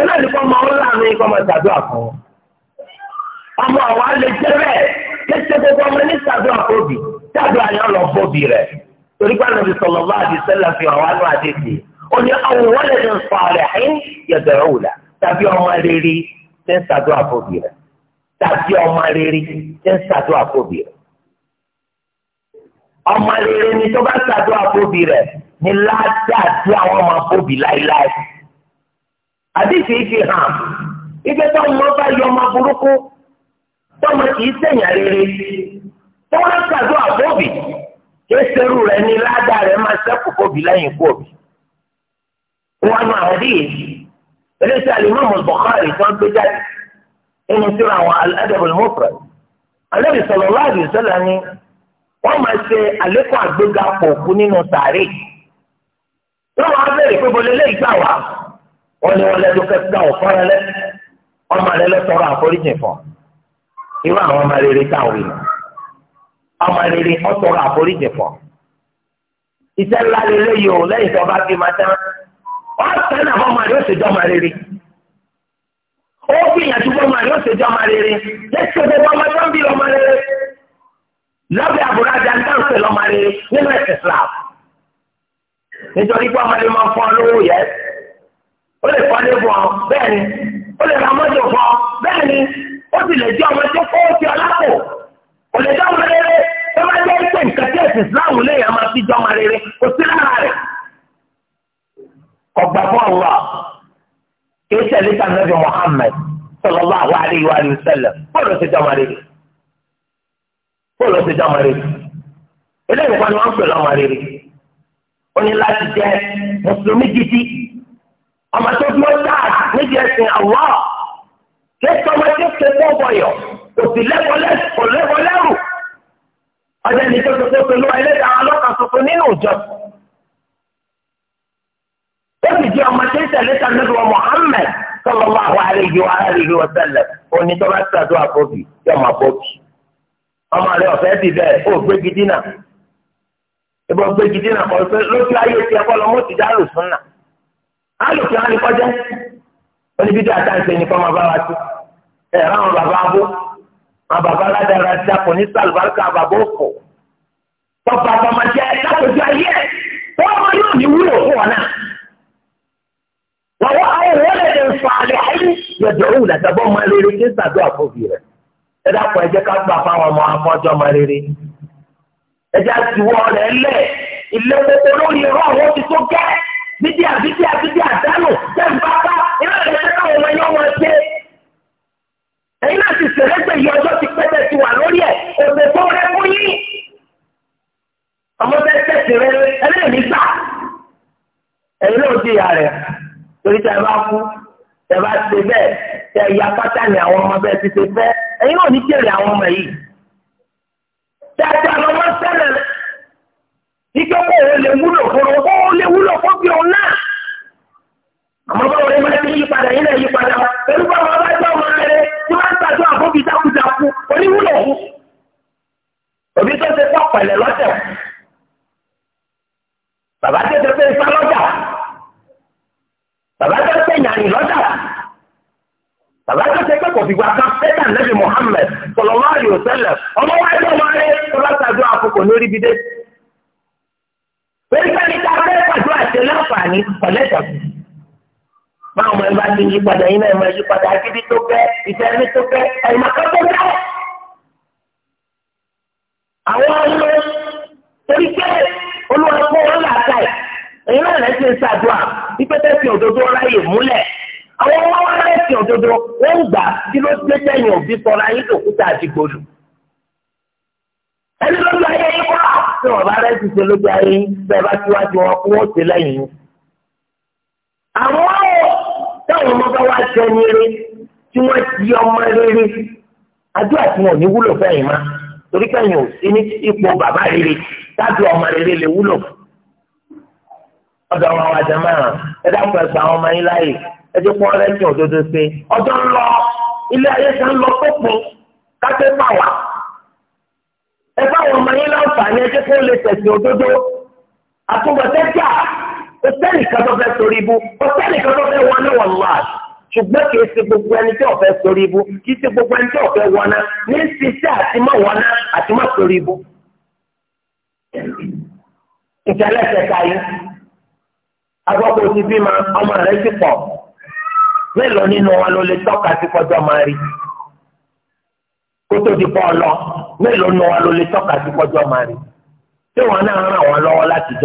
onáàlú kọ́ máa ń lànà ikọ́ máa ṣàdúrà fún wọn. ọmọ àwa lè jẹ́ kẹsẹ̀ gbogbo ọmọ ní sàdó àkóbì sàdó àyà lọ bóbi rẹ̀ torí pé ànàbì sọ̀lọ̀ bá àdì sẹ́lẹ̀ fi hàn wá ní àdéhì ó ní àwọn wọlé ní nsọ̀rẹ̀ ẹ̀yìn yẹ̀dọ̀ òwúlà tàbí ọmọ rere tí ń sàdó àkóbì rẹ̀ tàbí ọmọ rere tí ń sàdó àkóbì rẹ̀ ọmọ rere ni tó bá sàdó àkóbì rẹ̀ ni ládàá àwọn ọmọ àkóbì láéláé àdéhì fi hàn ọmọ bá yọ ọmọ burúkú tọ́mọ kìí sẹ̀yìn rere tọ́wọ́n kàdó àbóbì kéṣerú rẹ̀ ní ládàá rẹ̀ máa sẹ́kù bóbì lẹ́yìn ikú òbí. wọn nu àwọn díì eléyìí alimami Bukhari tó ń gbé jáde nínú tí àwọn al-Adabul Mufrad Ànábì sallallahu alaihi wasallam ni wọ́n máa ṣe àlékún àgbéga pòkú nínú sàárè wọ́n máa bẹ̀rẹ̀ pé bọ́lá eléyìí gbà wá wọ́n ní wọ́n lẹ́dọ̀kẹ́ gbà wọ́n fọ́nrẹ́lẹ́ ọmọ rẹ̀ lẹ́tọ̀ọ́rọ̀ àforíjì fún un. irú àwọn ọmọ rere táwọn èèyàn ọmọ rere ọtọrọ àforíjì pọ iṣẹ́ ńlá rere yìí o tó bá fi máa tán wọn sẹni àwọn ọmọ rẹ ó ṣèjọ ọmọ rere ó gbìyànjú bọ́ ọmọ rẹ ó ọmọ rere ọmọ tó ń bí ọmọ rere lọ́bẹ̀ ń lọ́mọ rere nínú ẹ̀sẹ̀ nítorí pé ọmọ rere máa fọ́ lówó yẹ ó sì lè jẹ́ ọmọ tó kọ́ sí ọlápò kò lè jẹ́ ọmọ rere tó bá jẹ́ pé nǹkan tí ẹ̀sìn Islam lè yàn máa fi jẹ́ rere kò sí lára rẹ̀ ọgbà bọ́ọ̀lù kì í Muhammad wa bọ́ọ̀lù ti jẹ́ ọmọ rere bọ́ọ̀lù ti jẹ́ ọmọ rere eléyìí kan ni wọ́n ń rere ó ní láti jẹ́ mùsùlùmí gidi ọmọ tó dúró kẹsàn ọmọ tí ó ṣe fún ọbọyọ ọjà ní tó tó ẹlẹ́dàá ọlọ́kan tuntun nínú ìjọ. ó sì jẹ́ ọmọ tí ń tẹ̀lé sanadùn Muhammad sallallahu ọmọ rẹ ọ̀fẹ́ ti bẹ̀ ó gbé gidi náà gbé gidi náà kọ́ ayé tiẹ̀ kọ́ lọ́mọ́ ti dá oníbídé àtàǹsẹ ní kọ́ máa bá wa sí ẹ ráwọn bàbá abó àwọn bàbá aládàra ti àpò ní sàlùbáríkà bàbá òfò tọpa àtọmọ jẹ lápòjú ayé ẹ wọn máa yóò ní wúlò fún wọn náà lọ́wọ́ àwọn ìwọlẹdẹ nfààlẹ ayé yọjọ òun làtàbọ ọmọ rere kí sàdó àfọbì rẹ ẹ dàpọ̀ ẹ jẹ́ ká gbà fáwọn ọmọ afọjọ ọmọ rere ẹ jẹ́ àtiwọ́ rẹ lẹ̀ ilé gbogbo lórí ẹ̀rọ àwọn ti tó gẹ́ bídíà bídíà bídíà dánù tẹ̀ ń bá bá iná ìgbésẹ̀ káwọn ọmọ yẹn wọn ṣe. ẹ̀yin náà ti ṣèlẹ́gbẹ̀ yìí ọjọ́ ti pẹ́tẹ́ ti wà lórí ẹ̀ òṣè tó rẹ fún yín. ọmọ bẹ́ẹ̀ tẹ̀sí rẹ ẹlẹ́yìn gbà. ẹ̀yin náà di ìyá rẹ̀ torí tẹ́ ẹ bá kú tẹ́ ẹ bá ṣe bẹ́ẹ̀ tẹ́ ẹ ya pátá ni àwọn ọmọ bẹ́ẹ̀ ti ṣe fẹ́ ẹ̀yin náà ní kéré àwọn ọmọ yìí. tẹ́ ẹ ọmọ sẹ́lẹ̀ ikẹ́kọ̀ọ́ lè wúlò fún yípadà yín náà ẹ máa yípadà agídí tó fẹ́ ìfẹ́ ẹni tó fẹ́ àyìnbá kan tó fẹ́. àwọn ọmọ torí pé olúwa kó wọn là ká ẹ èyí náà lè ṣe ṣàdúrà ìpẹtẹ fi òdodo ráyè múlẹ̀ àwọn ọmọ wọn lè fi òdodo wọn ń gbà kí ló dé tẹ̀yìn òbí sọra yín lòkúta àdìgbòlù ẹni ló lọ ayé yín kọ́ tí wọn bá rẹ ti ṣe lójú ayé yín bẹ́ẹ̀ bá tiwájú wọn kó wọn ṣe lẹ́yìn àwọn táwọn ọmọ bá wá sẹ́ni rere tí wọ́n ti ọmọ rere àdúrà tí wọn ò ní wúlò fẹ́yìn má torí kẹ́yìn ò sí ní ipò bàbá rere táàbí ọmọ rere lè wúlò ọ̀dọ̀ àwọn àwọn àjẹmọ́ ẹ dákun ẹgbà àwọn ọmọ yín láàyè ẹ jẹ́ kó ọlẹ́sìn òdodo ṣe ọjọ́ ń lọ ilé ayé kan lọ pópin kápẹ́ pàwà ẹ bá àwọn ọmọ yín láǹfààní ẹ jẹ́ kó lè tẹ̀sìn òdodo àtúbọ̀tẹ́jà kò sẹ́ni kan tó fẹ́ sórí ibú kò sẹ́ni kan tó fẹ́ wọná wọn láà ṣùgbọ́n kì í ṣe gbogbo ẹni tí ọ̀fẹ́ sórí ibú kì í ṣe gbogbo ẹni tí ọ̀fẹ́ wọná ní ṣiṣẹ́ àti má wọná àti má sórí ibú. ìṣẹ̀lẹ̀ ṣẹ̀ka yìí agbọ́kọ̀ ti bí ma ọmọ rẹ̀ ti pọ̀ mélòó nínú wọn ló lè tọ́ka sí kọjọ́ máa rí kótó ti pọ̀ lọ mélòó nínú wọn ló lè tọ́ka sí kọjọ́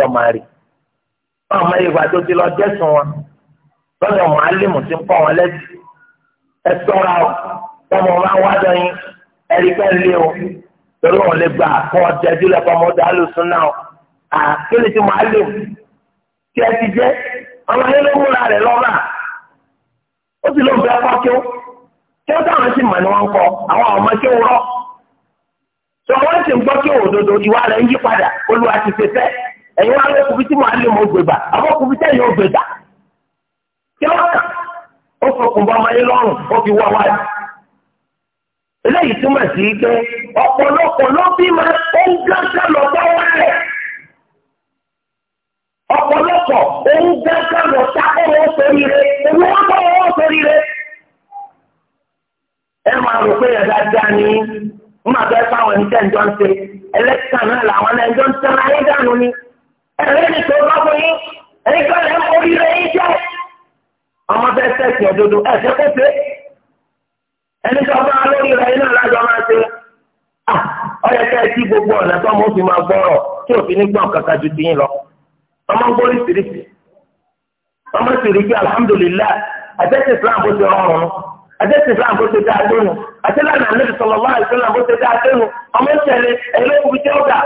máa rí wọn àmọ́ ìgbà tó ti lọ jẹ́sùn wọn lọ́dọ̀ màálìmù ti ń kọ́ wọn lẹ́sìn ẹ sọ́ra o tọmọ máa wá dọ́yìn ẹ̀rí pẹ́ lé o torí wọn lè gbà kó wọn tẹ́jú lẹ́kọ̀ọ́ mọ́ dá lùsùn náà àkéle ti màálìmù tí ẹ ti jẹ́ ọmọ yẹn ló múra rẹ̀ lọ́ra ó sì ló ń bẹ ọkọ kí ó kí ó táwọn sì mọ̀ ní wọn kọ àwọn ọmọ kí ó rọ tí wọn sì ń gbọ́ kí òdodo ìwà rẹ̀ ń yí padà olúwa ti ṣe fẹ́. ẹ̀yin wá lọ kùbí tí mo á lè mọ gbà àbọ̀ kùbí tí ẹ̀yin ògbè gbà. kí ló kà ó fọkùn ọmọ yín lọ́rùn ó fi wá wáyé. eléyìí túmọ̀ sí ma ó ń gángan lọ bá wá ọ̀pọ̀lọpọ̀ ó ń lọ sórí wọ́n bá sórí ẹ máa rò pé ẹ̀dá dá ní fáwọn ń ṣe náà làwọn ẹ̀rẹ́ ti tó bá fún yín ẹ̀yin kan lè ń orí rẹ̀ yín jẹ́. ọmọ fẹ́ sẹ́ẹ̀sì ẹ̀sẹ̀ kó ẹni tó bá lórí rẹ̀ lájọ máa ṣe gbogbo ọ̀nà tó ọmọ òfin máa gbọ́rọ̀ tí òfin ní gbọ́n kankan ju ti yín lọ. ọmọ ń gbórí sìrìsì ọmọ sìrìsì alhamdulilayi àtẹ́sí islam bó ti rọrùn islam bó ti dáa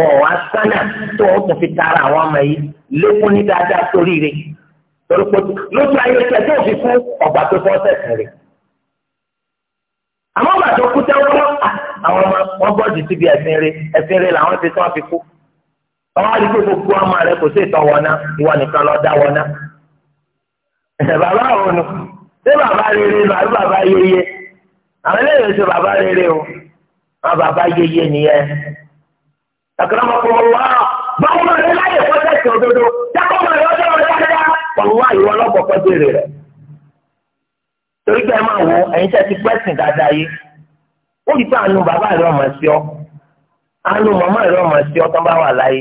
ọ̀wá sánà tó o tún fi tara àwọn ọmọ yìí lékún ní dáadáa sórí rẹ̀ torípò lójú ayé tẹ tó fi fún ọgbà tó fọ́ sẹ̀sìn rẹ̀. àmọ́ ọgbà tó kú tẹ́wọ́ àwọn ọmọ wọn bọ́ọ̀dù síbi ẹ̀sìn rẹ̀ ẹ̀sìn rẹ̀ làwọn ti tán fi kú. ọwọ́ àdìgbò gbogbo ọmọ rẹ̀ kò sí ìtọ́ wọná ìwọ nìkan lọ́ọ́ dá wọná. bàbá òun ṣé bàbá rere àbí bàbá yeye àwọn eléyìí ṣe bàbá rere o àwọn bàbá yeye nìyẹn àkàràmọ̀ fún ọlọ́ báwo máa rẹ láyè fọ́tẹ́ sí òdodo dákọ́ máa rẹ ọjọ́ rẹ dáadáa pọ̀lú wá ìwọ lọ́kọ̀ọ́kọ́ béèrè rẹ̀. torí pé ẹ máa wo ẹ̀yin tẹ́ ti pẹ́sìn dáadáa yìí ó rí pé àánú bàbá rẹ ọmọ sí ọ àánú màmá rẹ ọmọ sí ọ tó bá wà láyé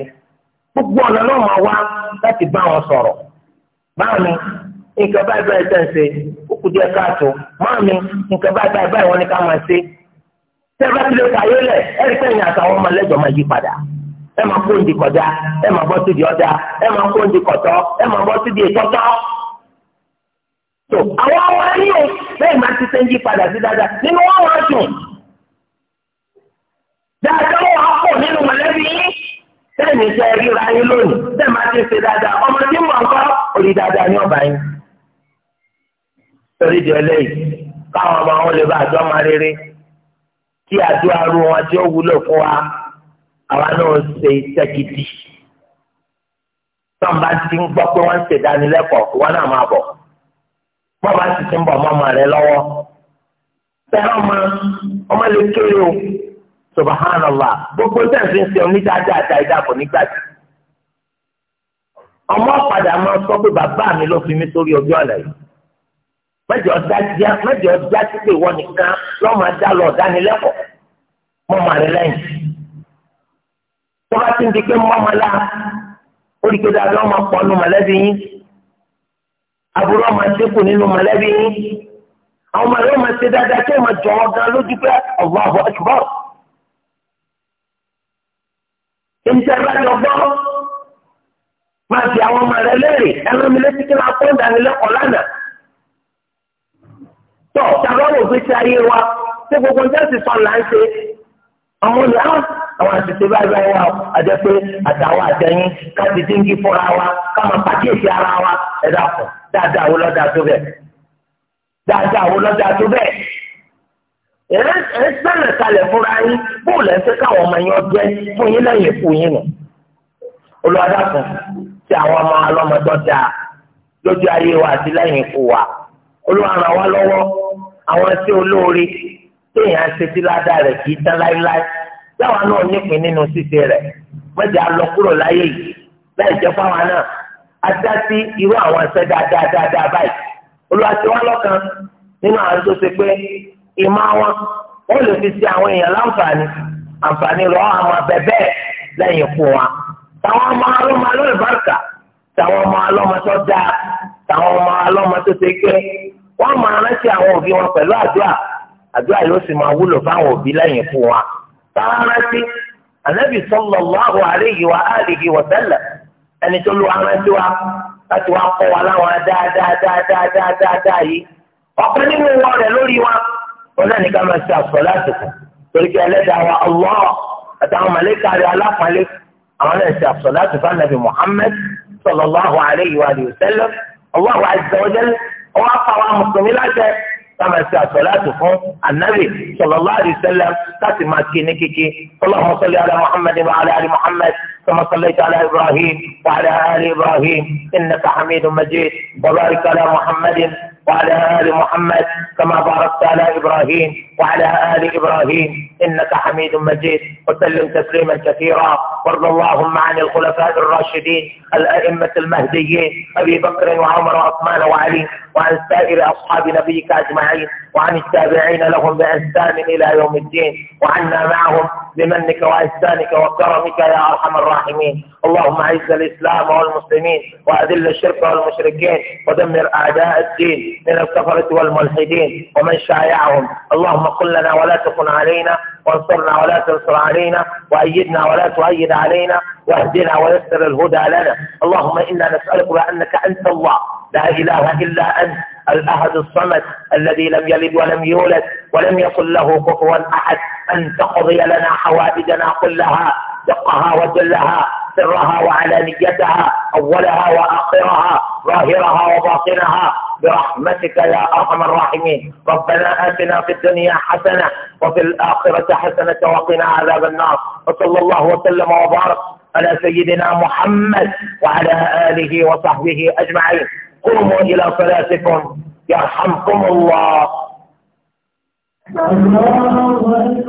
gbogbo ọ̀nà náà máa wá láti bá wọn sọ̀rọ̀ báàmì nǹkan báyìí báyìí tẹ̀ ń ṣe ó kù díẹ̀ káàtó máàmì nǹkan báyìí báyìí wọ́n ní ká máa ṣe tẹ́lá ti lè fàyè lẹ̀ ẹ̀rí sẹ́yìn àtàwọn ọmọ lẹ́jọ́ máa yí padà ẹ máa ọjà ẹ máa kó kọ̀tọ́ ẹ máa bọ́ ìtọ́tọ́. tó àwọn ọmọ ẹni o máa ti sẹ́yìn padà sí dáadáa nínú wọn máa dáadáa wọn á pọ̀ nínú mọ̀lẹ́bí sẹ́yìn iṣẹ́ ríra yín lónìí sẹ́yìn máa ti ṣe dáadáa ọmọ tí mò ń kọ́ dáadáa ní yín. torí tí àdúrà ru wọn tí ó wúlò fún wa àwa náà ṣe tẹ́kìtì tọ́nba ti ń gbọ́ pé wọ́n ń ṣèdánilẹ́kọ̀ọ́ kí wọ́n náà máa bọ̀ bọ́ba sì ti ń bọ̀ mọ́mọ́ rẹ lọ́wọ́ fẹ́ràn ọmọ ọmọ lè kéré o subhanallah gbogbo sẹ́ǹsì ń ṣe onídàájà àti àìdàpọ̀ nígbà tí ọmọ padà máa sọ pé bàbá mi ló fi mí sórí ojú ọ̀nà yìí mẹjọ dájá mẹjọ dájú pé ìwọ nìkan lọ́mọ adá lọ ọ̀dánilẹ́kọ̀ọ́ mọ́mọ́ rẹ lẹ́yìn. tó bá ti ń di pé mọ́mọ́ la ó di pé dáadáa ọmọ pọ̀ nù mọ̀lẹ́bí yín àbúrò ọmọ ṣẹ́kù nínú mọ̀lẹ́bí yín àwọn ọmọ rẹ ọmọ ṣe dáadáa tó ọmọ jọ ọgán lójú pé ọ̀gbọ́n àbọ̀ ẹ̀ṣùbọ̀. ìṣe ìbájọ gbọ́ máa fi àwọn ọmọ rẹ léèrè ẹran mi létí kí n máa pọ́ńdà nílẹ́kọ̀ọ́ lánàá tọ́ tàbáwò gbèsè ayé wa ṣé gbogbo ǹjẹ́ sì sọ là ń ṣe àwọn olè á àwọn àṣìṣe báyìí báyìí wa àjẹ pé àtàwọn àtẹyìn káti dínkì fúnra wa káma pàkíyèsí ara wa ẹ dàpọ̀ dáadáa wo lọ́dà tó bẹ̀ dáadáa wo lọ́dà tó bẹ̀ ẹ ẹ sẹ́lẹ̀ kalẹ̀ fúnra yín bóòlù ẹsẹ̀ káwọn ọmọ yẹn jẹ́ fún yín lẹ́yìn fún yín nù olùwàdàkùn tí àwọn ọmọ alọ́mọdọ́ lójú ayé wa àti lẹ́yìn fún wa olúwa ràn wá lọ́wọ́ àwọn ẹsẹ̀ olóore téèyàn ṣe sí ládàá rẹ̀ kì í tán láéláé táwọn náà nípìn nínú ṣíṣe rẹ̀ mẹ́jọ lọ kúrò láyé yìí láì jẹ́ fáwọn náà ajá sí irú àwọn ẹsẹ̀ dáadáa dáadáa báyìí olúwa ṣe wá lọ́kàn nínú àwọn tó ṣe pé ìmọ̀ wọn ó lè fi ṣe àwọn èèyàn láǹfààní àǹfààní lọ àwọn abẹ́bẹ́ lẹ́yìn fún wa táwọn ọmọ alọ́mọ alọ́ọ̀bárkà táwọn ọmọ alọ́mọ tó dáa táwọn ọmọ alọ́mọ tó ṣe pé wọ́n máa rántí àwọn òbí wọn pẹ̀lú àdúrà àdúrà yóò sì máa wúlò fáwọn òbí lẹ́yìn fún wa. táwọn rántí ànábì sallallahu alayhi wa alihi wa sallam ẹni tó lu arántí wa láti wá kọ́ wa láwọn dáadáadáadáadáa yìí. ọ̀pẹ nínú wọn rẹ̀ lórí wa wọn náà ní ká máa ṣe àṣọ láti kù torí kí ẹlẹ́dàá wa àtàwọn màlẹ́kà rẹ̀ àwọn náà ṣe àṣọ láti fún ànábì Muhammad sallallahu alayhi wa sallam ọwọ́ àwọn àìsàn ọwọ́ àfàwọn mùsùlùmí lájẹ táwọn ẹsẹ àsọláàtù fún anabi sallallahu alaihi wasallam láti máa kí ní kíkí Allahumma salli ala Muhammad wa ala ali Muhammad kama sallaita ala Ibrahim wa ala ali Ibrahim innaka hamidun majid wa barik ala وعلى آل محمد كما باركت على إبراهيم وعلى آل إبراهيم إنك حميد مجيد وسلم تسليما كثيرا وارض اللهم عن الخلفاء الراشدين الأئمة المهديين أبي بكر وعمر وعثمان وعلي وعن سائر أصحاب نبيك أجمعين وعن التابعين لهم بإحسان إلى يوم الدين وعنا معهم بمنك وإحسانك وكرمك يا أرحم الراحمين اللهم أعز الإسلام والمسلمين وأذل الشرك والمشركين ودمر أعداء الدين من الكفرة والملحدين ومن شايعهم اللهم قل لنا ولا تكن علينا وانصرنا ولا تنصر علينا وأيدنا ولا تؤيد علينا واهدنا ويسر الهدى لنا اللهم إنا نسألك بأنك أنت الله لا إله إلا أنت الأحد الصمد الذي لم يلد ولم يولد ولم يكن له كفوا أحد أن تقضي لنا حوائجنا كلها دقها وجلها سرها وعلانيتها أولها وآخرها ظاهرها وباطنها برحمتك يا أرحم الراحمين ربنا آتنا في الدنيا حسنة وفي الآخرة حسنة وقنا عذاب النار وصلى الله وسلم وبارك على سيدنا محمد وعلى آله وصحبه أجمعين قوموا إلى صلاتكم يرحمكم الله الله